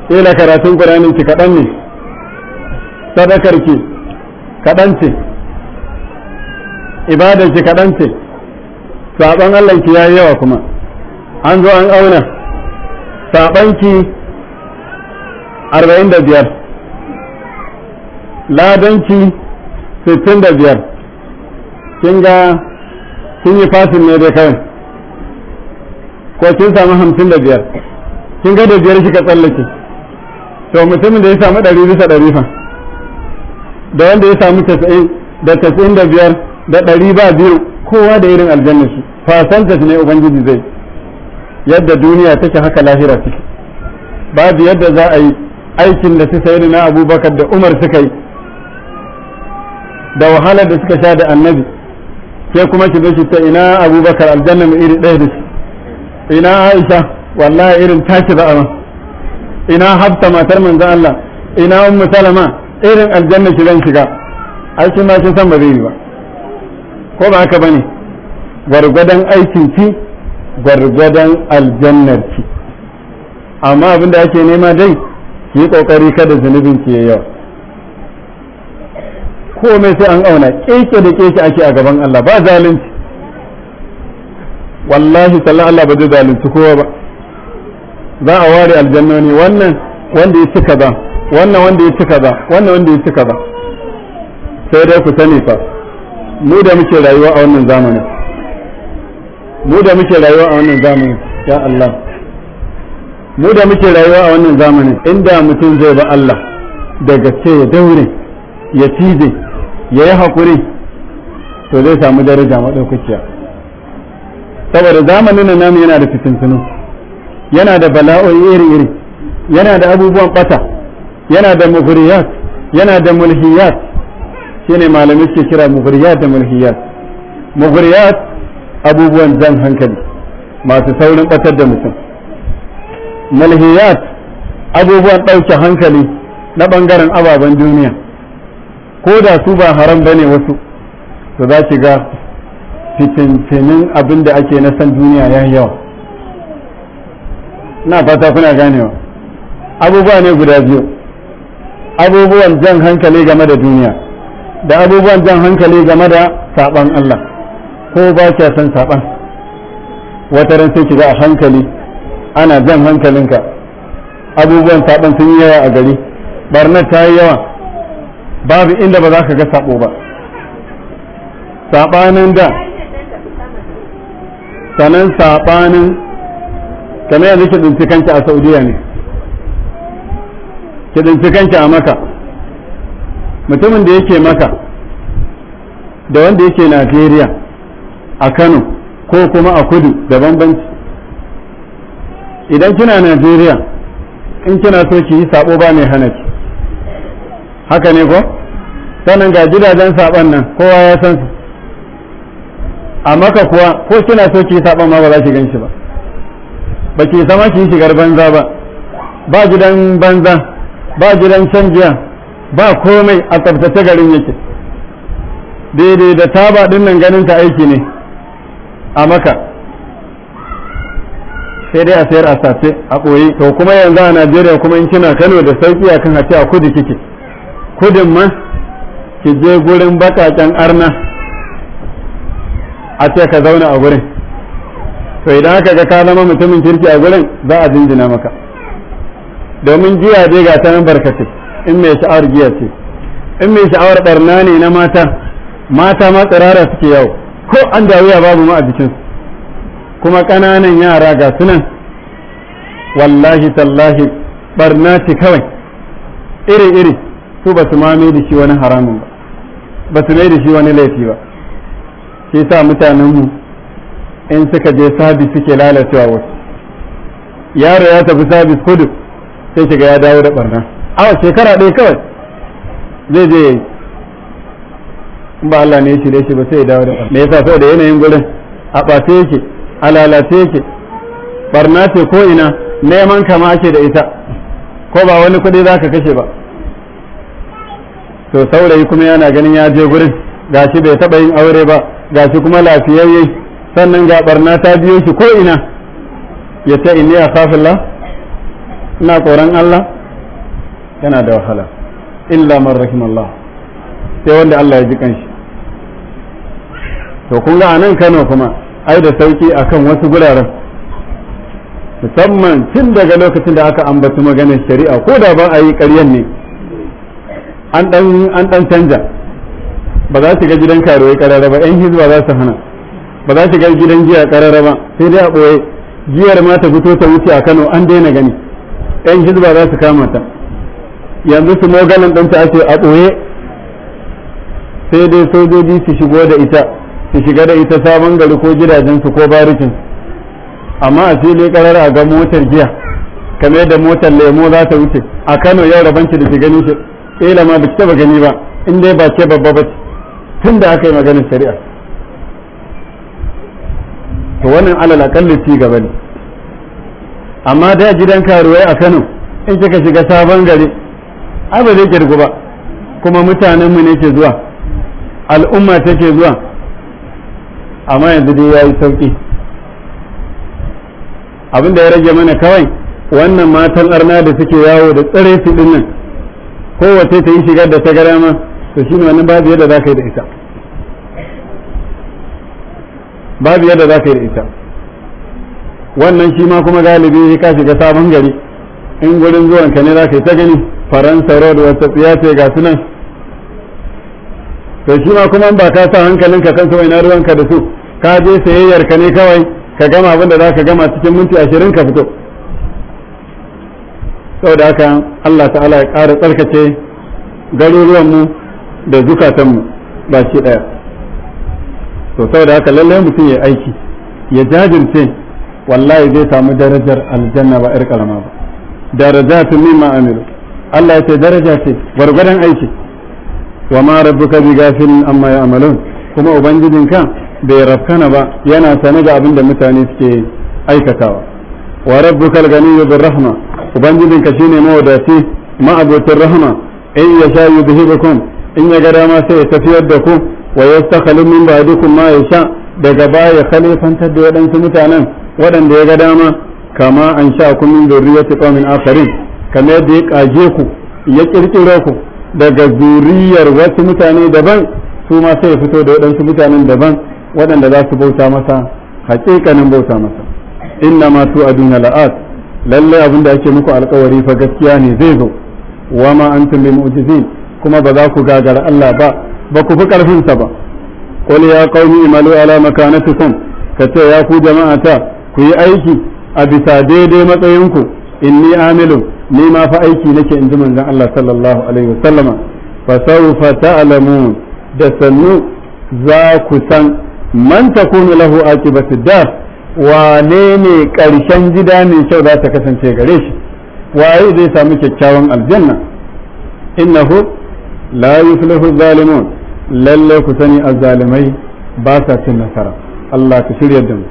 kila karatun qur'ani ki kadan ne sadakar ki Kaɗance ce ibadar ki kaɗan ce saɓon Allah ki yayi yawa kuma an zo an auna saɓon ki arba'in da biyar ladan ki sittin da biyar kin ga kin yi fasin ne dai kawai ko kin samu hamsin da biyar kin ga da biyar kika tsallake to mutumin da ya samu ɗari bisa ɗari fa da wanda ya samu tasa'in da tasa'in da biyar da ɗari ba biyu kowa da irin aljanna su fasantas ne ubangiji zai yadda duniya take haka lahira take babu yadda za a yi aikin da su sayi na abubakar da umar suka yi da wahalar da suka sha da annabi sai kuma ki zo ta ina abubakar aljanna mu iri ɗaya da su ina aisha wallahi irin tashi ba ina hafta matar manzo Allah ina ummu salama irin aljanna ki zan shiga ai shi ma shi san ba zai yi ba ko ba haka bane gwargwadon aikin ki gwargwadon aljannar ki amma abin da ake nema dai ki yi kokari kada zunubin ki ko me sai an auna keke da keke ake a gaban Allah ba zalunci wallahi sallan Allah ba zai zalunci kowa ba za a ware aljannoni wannan wanda ya cika ba wannan wanda ya ci kaza wannan wanda ya ci kaza sai dai ku sani fa mu da muke rayuwa a wannan zamanin mu da muke rayuwa a wannan zamanin ya Allah mu da muke rayuwa a wannan zamanin inda mutum zai ba Allah daga ce ya daure ya cije ya yi haƙuri to zai samu daraja maɗaukakiya saboda zamanin namu yana da fitintunu yana da bala'o'i iri-iri yana da abubuwan bata yana da mufriyat yana da mulhiyat shine malamai ke kira mufriyat da mulhiyat mufriyat abubuwan jan hankali masu saurin batar da mutum mulhiyat abubuwan ɗauke hankali na ɓangaren ababen duniya ko da su ba haram ba ne wasu to za ki ga fitintinin abin da ake na san duniya ya yawa na fata kuna ganewa abubuwa ne guda biyu abubuwan jan hankali game da duniya da abubuwan jan hankali game da saban Allah ko ba kya san saban wata ran sai kiga a hankali ana jan hankalinka abubuwan saban sun yi yawa a gari barnar ta yi yawa babu inda ba za ka ga sabo ba sabanin da sanan sabanin kamar yanzu ki tsinci kanki a Saudiya ne ki tsinci kanki a maka mutumin da yake maka da wanda yake najeriya a kano ko kuma a kudu da bambanci idan kina najeriya in kina so ki yi sabo ba mai hana ki haka ne ko sannan ga gidajen saban nan kowa ya san su a maka kuwa ko kina so ki yi saban ma ba za ki gan shi ba ba ki sama ki yi shigar banza ba ba gidan banza ba gidan canjiya jiya ba komai a tsabtace garin yake daidai da taba ba nan ganin aiki ne a maka sai dai a sayar a sace a ɓoye to kuma yanzu a najeriya kuma in kina kano da sauki akan kan hace a kudu kike kudin ma ki je gurin baƙaƙen arna a ce ka zauna a gurin to idan aka ga ka zama mutumin kirki a gurin za a jinjina maka domin jiya dai ga ta nan barkatai in mai sha'awar giya ce in mai sha'awar barna ne na mata mata ma tsirara suke yawo ko an dawiya babu ma a jikinsu kuma ƙananan yara ga sunan wallahi tallahi barna ce kawai iri iri su ba su ma da shi wani haramun ba ba su mai da shi wani laifi ba shi sa mutanenmu in suka je sabis suke lalacewa wasu yaro ya tafi sabis kudu sai shiga ya dawo da barna awa shekara ɗaya kawai zai je in ba Allah ne ya cire shi ba sai ya dawo da barna me yasa saboda yanayin gurin a ɓace yake a lalace yake barna ce ko ina neman kama ake da ita ko ba wani kuɗi za ka kashe ba to saurayi kuma yana ganin ya je gurin gashi bai taɓa yin aure ba gashi kuma lafiyayye sannan ga barna ta biyo shi ko ina ya ta'in inni a kafin ina tsoron Allah yana da wahala illa man Allah, sai wanda Allah ya ji kanshi to kun ga anan Kano kuma ai da sauki akan wasu guraren musamman tun daga lokacin da aka ambaci maganar shari'a ko da ba a yi ƙaryan ne an dan canja ba za su ga gidan karuwai karara ba yan hizba za su hana ba za su ga gidan giya karara ba sai dai a ɓoye giyar ma ta fito ta wuce a Kano an daina gani yan hizba za su kama ta yanzu su ɗan ta ake a ɓoye sai dai sojoji su shigo da ita su shiga da ita sabon gari ko gidajensu ko barikin amma a fili karar a ga motar giya kamar yadda motar lemo za ta wuce a kano yau rabanci da ki gani shi ƙila ma ba ki taɓa gani ba in dai ba ke babba ba tun da aka yi maganar shari'a to wannan alal akalli ci gaba ne amma da gidan karuwai a Kano in kika shiga sabon gari ai ba zai kirgu ba kuma mutanen mu ne ke zuwa al'umma take zuwa amma yanzu dai yayi sauki abin da ya rage mana kawai wannan matan arna da suke yawo da tsare su din nan kowace ta yi shigar da ta gara ma to shine wannan babu yadda za da ita babu yadda za ka yi da ita wannan shi ma kuma galibi ya ka shiga sabon gari in gurin zuwan ka ne za ka yi ta gani faransa road wata tsiya ce ga su nan to shi ma kuma ba ka sa ka kan su ruwan ka da su ka je sayayyar ka ne kawai ka gama abin da za ka gama cikin minti ashirin ka fito Sau da haka Allah ta'ala ya ƙara tsarkace garuruwanmu da mu ba shi ɗaya to da haka lallai mutum ya aiki ya jajirce wallahi zai samu darajar aljanna ba 'yar karama ba darajatun mimma amilu Allah ya ce daraja ce gwargwadon aiki wa ma rabbuka bi gafilin amma ya'malun kuma ubangijinka bai rafkana ba yana sane da abin da mutane suke aikatawa wa rabbuka al-ganiyyu bir rahma ubangijinka shine mawadati ma'abutin rahma in ya yasha yudhibukum in ya ga dama sai ya tafiyar da ku wa yastakhlu min ba'dikum ma yasha daga baya khalifantar da waɗansu mutanen waɗanda ya ga dama kama an sha ku min zurriyati qaumin akharin kama yadda ya kaje ku ya kirkiro ku daga zuriyar wasu mutane daban su ma sai fito da waɗansu mutanen daban waɗanda za su bauta masa haƙiƙanin bauta masa inna ma tu aduna la'at lalle abin da ake muku alƙawari fa gaskiya ne zai zo wa ma antum bi mu'jizin kuma ba za ku gagara Allah ba ba ku fi karfin sa ba qul ya qaumi malu ala makanatikum kace ya ku jama'ata ku yi aiki a bisa daidai matsayinku in ni amilu ni ma fa aiki nake in ji manzon Allah sallallahu alaihi wasallama fa sawfa ta'lamun da sannu za ku san man takunu lahu aqibatu dar wane ne karshen gida mai kyau za ta kasance gare shi waye zai samu kyakkyawan aljanna innahu la yuflihu zalimun lalle ku sani azzalimai ba sa cin nasara Allah ka shirya da mu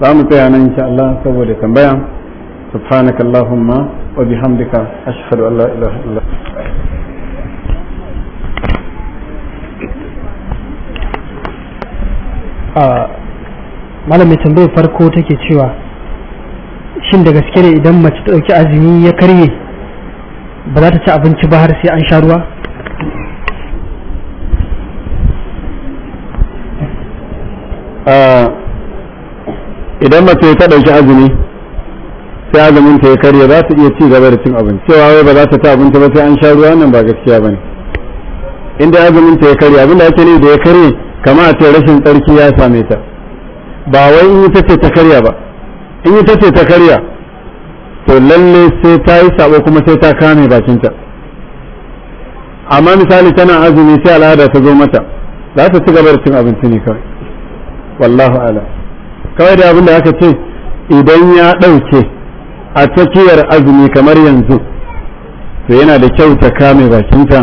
za mu tsaya nan insha Allah saboda tambaya سبحانك اللهم وبحمدك أشهد أن لا إله إلا أنت malam mai tambayar farko take cewa shin da gaske ne idan mace ta dauki azumi ya karye ba za ta ci abinci ba har sai an sha ruwa idan mace ta ɗauki azumi sai azumin ta ya karya za ta iya ci gaba da cin abinci cewa wai ba za ta ta abinci ba sai an sha ruwa nan ba gaskiya bane inda azumin ta ya karya abinda ake ne da ya karye kama a ce rashin tsarki ya same ta ba wai in ta ce ta karya ba in ta ce ta karya to lalle sai ta yi sabo kuma sai ta kame bakinta amma misali tana azumi sai al'ada ta zo mata za ta ci gaba da cin abinci ne kawai wallahu alam kawai da abin da aka ce idan ya ɗauke a tsakiyar azumi kamar yanzu to yana da kyau ta kame bakinta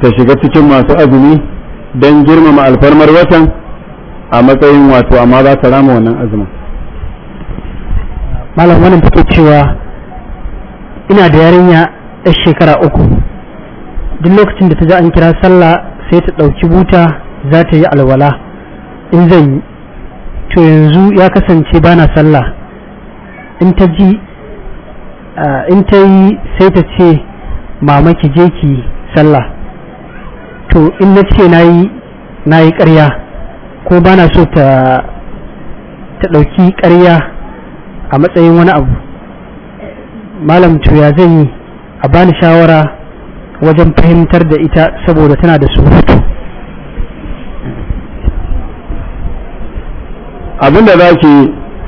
ta shiga cikin masu azumi don girmama alfarmar watan a matsayin wato amma za ta rama wannan azumin malam wannan take cewa ina da yarinya yar shekara uku duk lokacin da ta ji an kira sallah sai ta ɗauki buta za ta yi alwala in zan yi to yanzu ya kasance ba na sallah in ta ji in ta yi sai ta ce mamaki je ki sallah to in na ce na yi ƙarya ko ba na so ta ɗauki ƙarya a matsayin wani abu malam to ya zan yi a bani shawara wajen fahimtar da ita saboda tana da surutu abinda za ki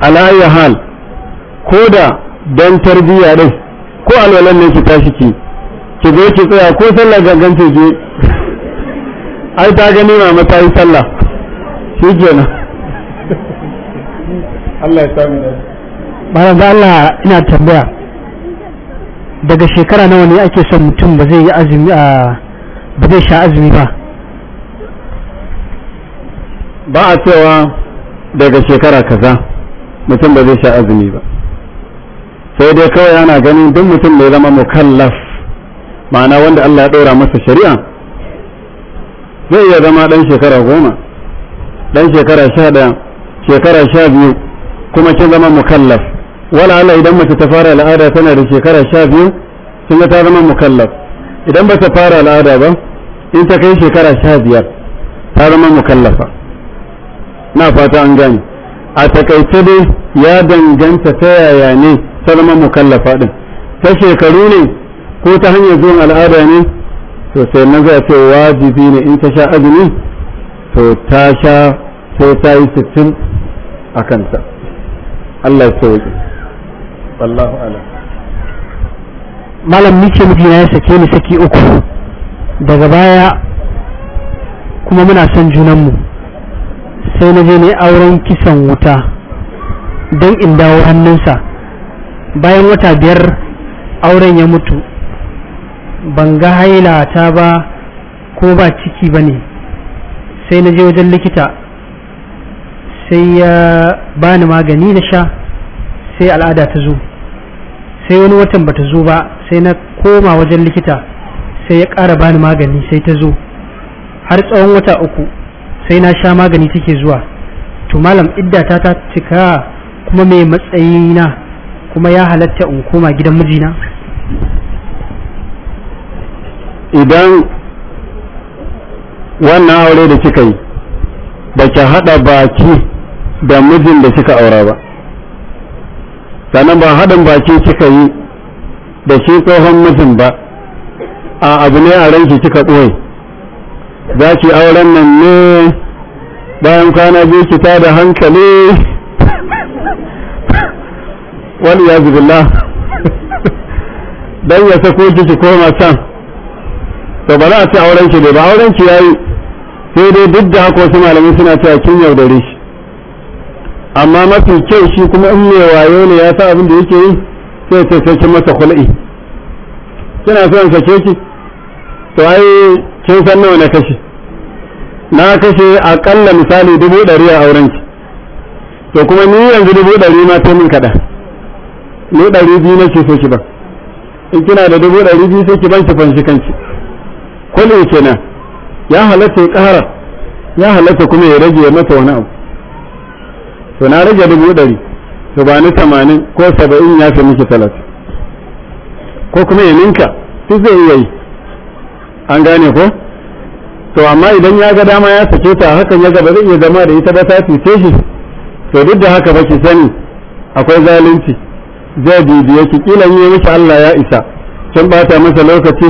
ala'ayyar hal ko da don tarbiyya din ko alwalan ne ki tashi ki ki zo ki tsaya ko sallah gangan ce ki ai ta gani mama ta yi sallah shi kenan Allah ya sami da bayan da Allah ina tambaya daga shekara nawa ne ake son mutum ba zai yi azumi a ba zai sha azumi ba ba a cewa daga shekara kaza mutum ba zai sha azumi ba sai dai kawai ana ganin duk mutum bai zama mukallaf ma'ana wanda Allah ya ɗora masa shari'a zai iya zama ɗan shekara goma ɗan shekara sha ɗaya shekara sha biyu kuma kin zama mukallaf wala Allah idan mace ta fara al'ada tana da shekara sha biyu kin ta zama mukallaf idan ba ta fara al'ada ba in ta kai shekara sha biyar ta zama mukallafa na fata an gani a takaice dai ya danganta ta yaya ne salman mukallafa din ta shekaru ne ko ta hanyar zuwan al'ada ne to sai na zai ce wajibi ne in ta sha azumi to ta sha sai ta yi sittin a kansa Allah ya sauke wallahu ala malam nike mutum ya sake ni saki uku daga baya kuma muna son junanmu sai na je ne auren kisan wuta don in dawo hannunsa bayan wata biyar auren ya mutu ban ga haila ta ba ko ba ciki ba ne sai na je wajen likita sai ya bani magani na sha sai al'ada ta zo sai wani watan bata zo ba sai na koma wajen likita sai ya ƙara bani magani sai ta zo har tsawon wata uku sai na sha magani take zuwa to malam idda ta ta cika kuma mai matsayina kuma ya halatta in koma gidan mijina idan wannan aure da kika yi ba ki haɗa baki da mijin da kika aura ba sannan ba haɗin baki kika yi da shi tsohon mijin ba a abu ne a ranki kika ɓoye za ki auren nan ne bayan kwana biyu ki ta da hankali wani ya zubilla don ya sako ki ki koma can to ba za a ci auren ki ba auren ki yayi sai dai duk da haka wasu malamai suna cewa kin yaudare shi amma mafi kyau shi kuma in mai wayo ne ya sa abin da yake yi sai ta sai kin masa kul'i kina son sake ki to ai kin san nawa na kashe na kashe akalla misali dubu ɗari a auren ki to kuma ni yanzu dubu ɗari ma ta min kaɗa ni ɗari biyu na ke so ki ba in kina da dubu ɗari biyu sai ki ban ki fanshi kanki kullum kenan ya halatta ya ƙara ya halatta kuma ya rage mata wani abu to na rage dubu ɗari to ba ni tamanin ko saba'in ya fi miki talatin ko kuma ya ninka duk zai iya yi an gane ko to amma idan ya ga dama ya sake ta hakan ya gaba zai iya zama da ita ba ta cuce shi to duk da haka ba ki sani akwai zalunci zai bibiye ki kila ne miki Allah ya isa kin bata masa lokaci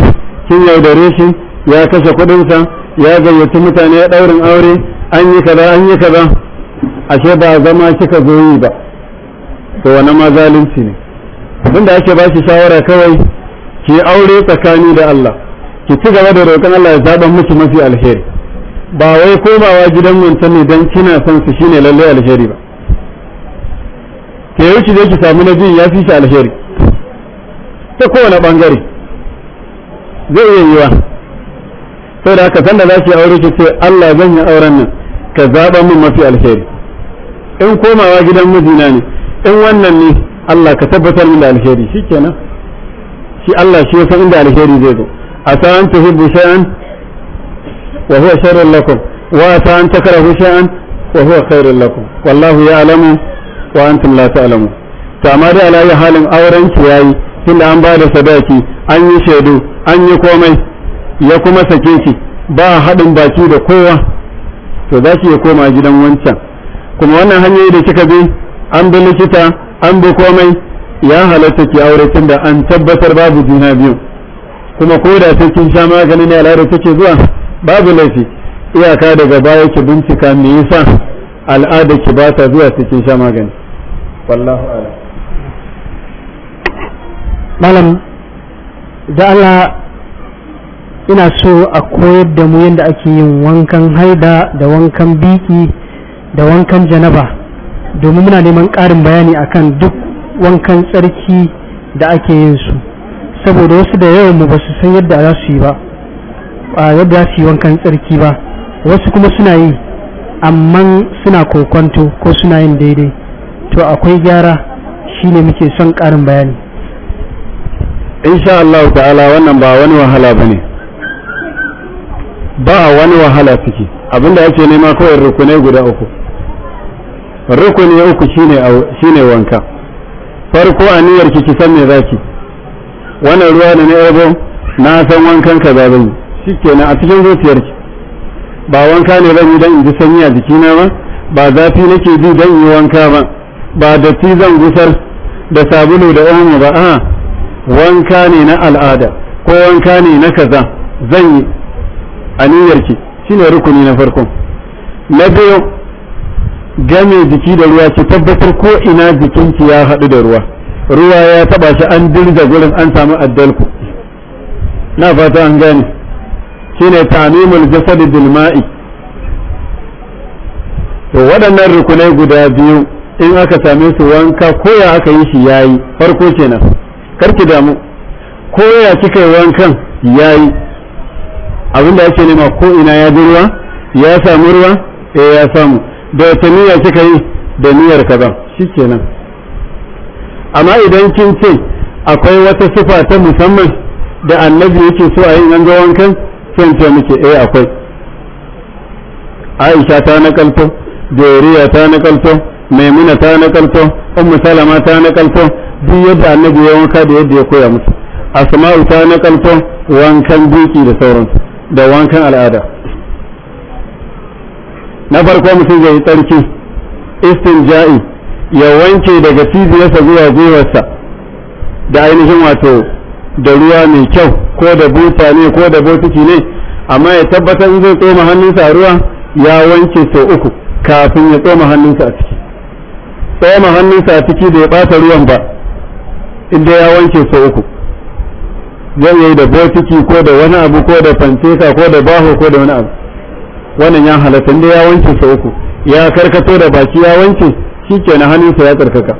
kin yaudare shi ya kashe sa ya gayyaci mutane ya daurin aure an yi kaza an yi kaza ashe ba zama kika zo yi ba to wannan ma zalunci ne abinda ake ba shi shawara kawai ki aure tsakani da Allah ki ci gaba da roƙon Allah ya zaɓa miki mafi alheri ba wai komawa gidan wancan ne dan kina son su shine lalle alheri ba ke yau ki je ki samu na ya fi shi alheri ta kowane bangare zai iya yiwa sai da haka sanda za yi aure ki ce Allah zan yi auren nan ka zaɓa min mafi alheri in komawa gidan mijina ne in wannan ne Allah ka tabbatar min da alheri shikenan shi Allah shi ya san inda alheri zai zo عسى أن تحبوا شيئا وهو شر لكم وعسى أن تكرهوا شيئا وهو خير لكم والله يعلم وأنتم لا تعلمون kama da ala ya halin aurenki ya yi tunda an ba da sadaki an yi shaidu an yi komai ya kuma sake ki ba haɗin baki da kowa to za ki ya koma gidan wancan kuma wannan hanyoyi da kika bi an bi likita an bi komai ya halatta ki aure tunda an tabbatar babu juna biyu kuma ko da sai kin sha maganin al'adar take zuwa babu laifi iyaka daga baya ki bincika me yasa al'adar ki ba ta zuwa sai kin sha magani wallahu a'lam malam da Allah ina so a koyar da mu yadda ake yin wankan haida da wankan biki da wankan janaba domin muna neman ƙarin bayani akan duk wankan tsarki da ake yin su saboda wasu da yawan mu ba su san yadda za su yi ba a yadda su yi wankan tsarki ba wasu kuma suna yi amma suna kokwanto ko suna yin daidai to akwai gyara shine muke son karin bayani insha Allah ta'ala wannan ba wani wahala bane ba wani wahala ciki abinda yake nema kawai rukunai guda uku rukuni uku shine shine wanka farko aniyar ki kiki san me zaki wannan ruwa da na yabo na san wankan ka zan shikenan a cikin zuciyar ki ba wanka ne zan yi dan in ji sanyi a jikina ba ba zafi nake ji dan yi wanka ba ba datti zan gusar da sabulu da omo ba a wanka ne na al'ada ko wanka ne na kaza zan yi a niyyarki shine rukuni na farko na biyu game jiki da ruwa ki tabbatar ko ina jikin ki ya haɗu da ruwa ruwa ya taba shi an dirga gurin an samu addalku na fata an gane shine tamimul jasad bil ma'i to waɗannan rukunai guda biyu in aka same su wanka ko ya aka yi shi yayi farko kenan karki damu ya kika yi wankan yayi abinda ake nema ko ina ya bi ruwa ya samu ruwa eh ya samu da ta niyya kika yi da niyyar kaza shikenan amma idan kin ce akwai wata sifa ta musamman da annabi yake so a yin an gawan wankan sai ta muke eh akwai Aisha ta na kalto Jariya ta na kalto Maimuna ta na kalto Ummu Salama ta na kalto duk yadda annabi ya wanka da yadda ya koya musu Asma'u ta na kalto wankan duki da sauransu da wankan al'ada na farko mutum zai yi tsarki istinja'i ya wanke daga cibiyarsa zuwa gwiwarsa da ainihin wato da ruwa mai kyau ko da buta ne ko da botiki ne amma ya tabbatar zai tsoma hannunsa a ruwa ya wanke sau uku kafin ya tsoma hannunsa a ciki tsoma hannunsa a ciki da ya bata ruwan ba inda ya wanke sau uku zai yi da botiki ko da wani abu ko da fanteka ko da baho ko da wani abu wannan ya halatta inda ya wanke sau uku ya karkato da baki ya wanke shi na hannunsa ya tsarkaka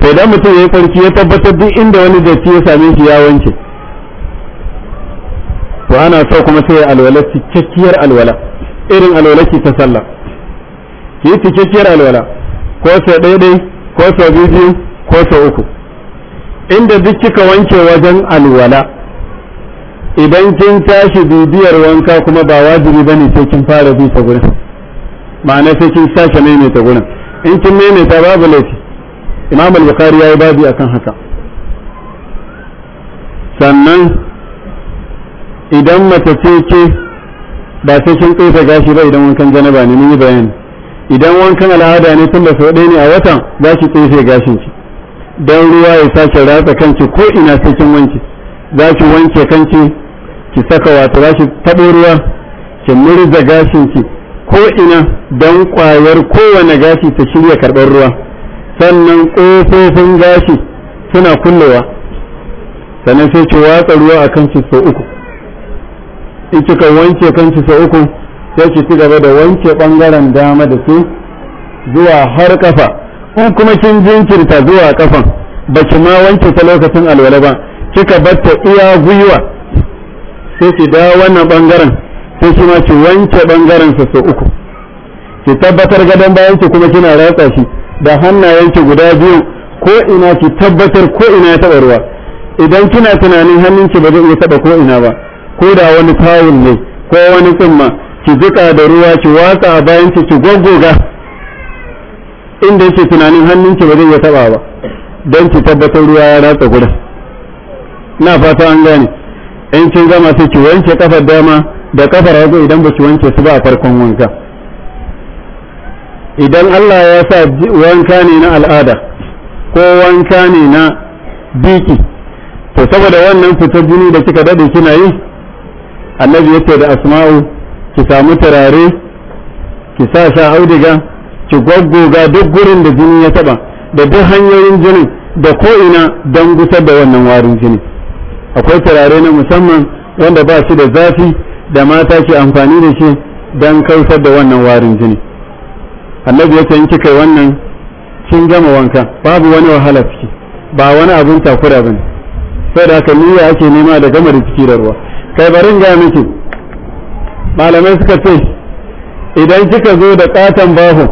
to idan mutum ya yi farki ya tabbatar duk inda wani datti ya same shi ya wanke to ana so kuma sai alwala cikakkiyar alwala irin alwala ki ta sallah ki cikakkiyar alwala ko sau ɗaiɗai ko sau biyu biyu ko sau uku inda duk kika wanke wajen alwala idan kin tashi bibiyar wanka kuma ba wajibi bane sai kin fara bi ta gurin ma'ana sai kin sake maimaita gurin in kin maimaita babu laifi imam al-bukhari yayi babi akan haka sannan idan mace ce ke ba sai kin kaita gashi ba idan wankan janaba ne mun yi bayani idan wankan al'ada ne tun da sau ɗaya ne a watan za ki kaita gashin ki don ruwa ya sake ratsa kanki ko ina sai kin wanke za ki wanke kanki ki saka wato za ki taɓo ruwa ki murza gashin ki ko ina don kwayar kowane gashi ta shirya karɓar ruwa sannan ƙofofin gashi suna kullewa sannan sai ki watsa ruwa a kanki sau uku in kika wanke kanki sau uku sai ki ci gaba da wanke ɓangaren dama da su zuwa har kafa in kuma kin jinkirta zuwa kafan baki ma wanke ta lokacin alwala ba kika batta iya gwiwa sai ki dawo wannan ɓangaren sai kuma ma ki wanke bangaren sa sau uku ki tabbatar gadon bayan ki kuma kina ratsa shi da hannayen ki guda biyu ko ina ki tabbatar ko ina ya taba ruwa idan kina tunanin hannun ki ba zai iya taba ko ina ba ko da wani tawul ne ko wani tsumma ki jika da ruwa ki watsa bayan ki goggoga inda yake tunanin hannun ki ba zai iya taba ba don ki tabbatar ruwa ya ratsa guda na fata an gane in kin gama sai ki wanke kafar dama da kafar hagu idan ba ki wanke su ba a farkon wanka idan Allah ya sa wanka ne na al'ada ko wanka ne na biki to saboda wannan fitar jini da kika dade kina yi annabi ce da asma'u ki samu turare ki sa sha audiga ki goggoga duk gurin da jini ya taba da duk hanyoyin jini da ko'ina don gusar da wannan warin jini akwai turare na musamman wanda ba shi da zafi da mata ke amfani da shi don kai da wannan warin jini annabi ya in kika wannan kin gama wanka babu wani wahala ciki ba wani abin takura bane sai da haka niyya ake nema da gama da da ruwa kai barin ga miki malamai suka ce idan kika zo da katon baho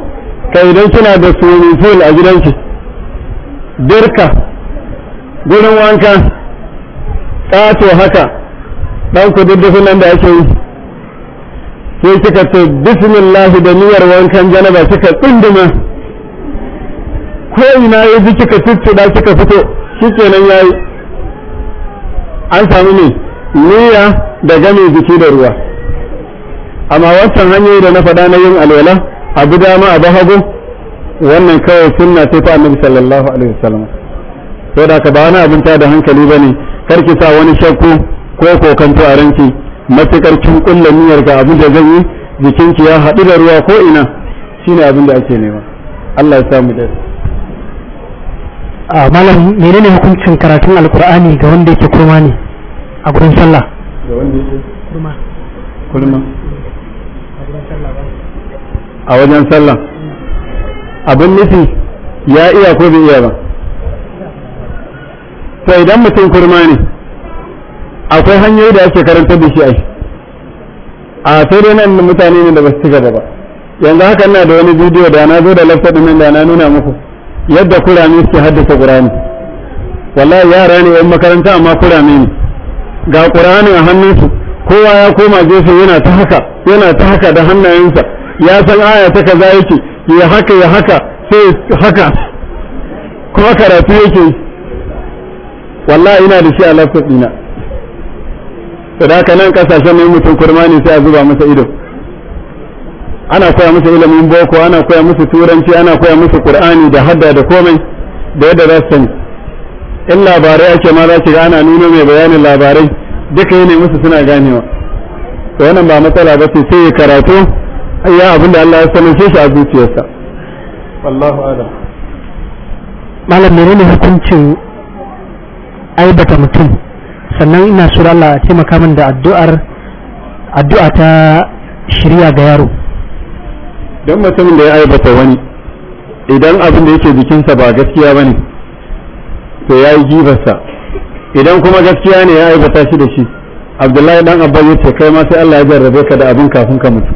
kai idan kina da swimming pool a gidanki dirka gurin wanka kato haka ɗan kududdufin nan da ake yi sai kika ce bismillah da niyyar wankan janaba kika tsinduma ko ina ya ji kika da kika fito shi kenan ya yi an samu ne niyya da game jiki da ruwa amma wancan hanyoyi da na faɗa na yin alwala abu dama a bahago wannan kawai sunna ce ta annabi sallallahu alaihi wasallam saboda ka ba wani abin ta da hankali bane karki sa wani shakku ko kokan a ranki matukar kin kulla niyyar ga abin da zan yi jikinki ya haɗu da ruwa ko ina shine abin da ake nema Allah ya samu da a malam menene hukuncin karatun alqur'ani ga wanda yake kurma ne a gurin sallah ga wanda yake kurma kurma a wajen sallah abin nufi ya iya ko bai iya ba to idan mutum kurma ne akwai hanyoyi da ake karantar da shi ai a sai dai nan mutane ne da ba su ci gaba ba yanzu haka ina da wani bidiyo da na zo da lafta din da na nuna muku yadda kurame suke haddasa qur'ani wallahi yara ne yan makaranta amma kurame ne ga qur'ani a hannunsu kowa ya koma gefe yana ta haka yana ta haka da hannayensa ya san aya ta kaza yake ya haka ya haka sai haka kuma karatu yake wallahi ina da shi a lafta dina sadaka nan kasashen mai mutum kurma ne sai a zuba masa ido ana koya musu ilimin boko ana koya musu turanci ana koya musu qur'ani da hadda da komai da yadda za su sani in labarai ake ma za ki ga ana nuno mai bayanin labarai duka ne musu suna ganewa to wannan ba matsala ba ce sai ya karatu ya abin da Allah ya sani sai shi a zuciyarsa wallahu alam malam menene hukuncin aibata mutum sannan ina shura Allah taimaka min da addu'ar addu'a ta shirya ga yaro don mutumin da ya aibata wani idan abin da yake jikinsa ba gaskiya ba ne to ya yi jibarsa idan kuma gaskiya ne ya aibata shi da shi abdullahi dan abba ya ce kai ma sai Allah ya jarrabe ka da abin kafin ka mutu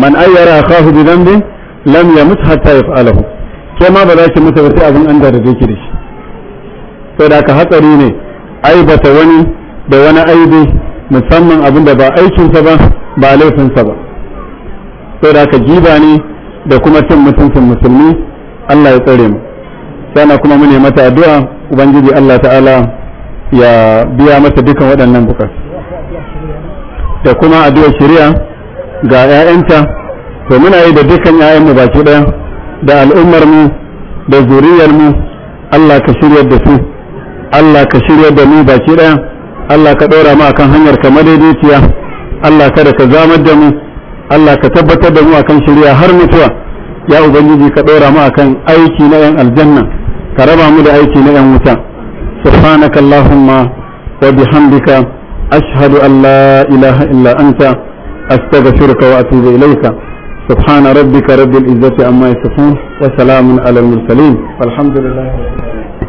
man ayyara akahu bi dhanbin lam yamut hatta yaf'alahu kai ma ba za ki mutu ba sai abin an jarrabe ki da shi sai da ka hatsari ne aibata wani da wani aibi musamman abin da ba aikinsa ba ba laifinsa ba sai da ka jiba ne da kuma cin mutuncin musulmi Allah ya tsare mu sana kuma mu mata addu'a ubangiji Allah ta'ala ya biya mata dukan waɗannan bukatu da kuma addu'a shari'a ga 'ya'yanta to muna yi da dukan mu baki ɗaya da al'ummar mu da zuriyar mu Allah ka shiryar da su Allah ka shirya da mu baki ɗaya Allah ka ɗora mu akan hanyar ka madaidaiciya Allah kada ka zamar da mu Allah ka tabbatar da mu akan shirya har mutuwa ya ubangiji ka ɗora mu akan aiki na yan aljanna ka raba mu da aiki na yan wuta subhanaka allahumma wa bihamdika ashhadu an la ilaha illa anta astaghfiruka wa atubu ilayka سبحان ربك رب العزة عما يصفون وسلام على المرسلين والحمد لله رب العالمين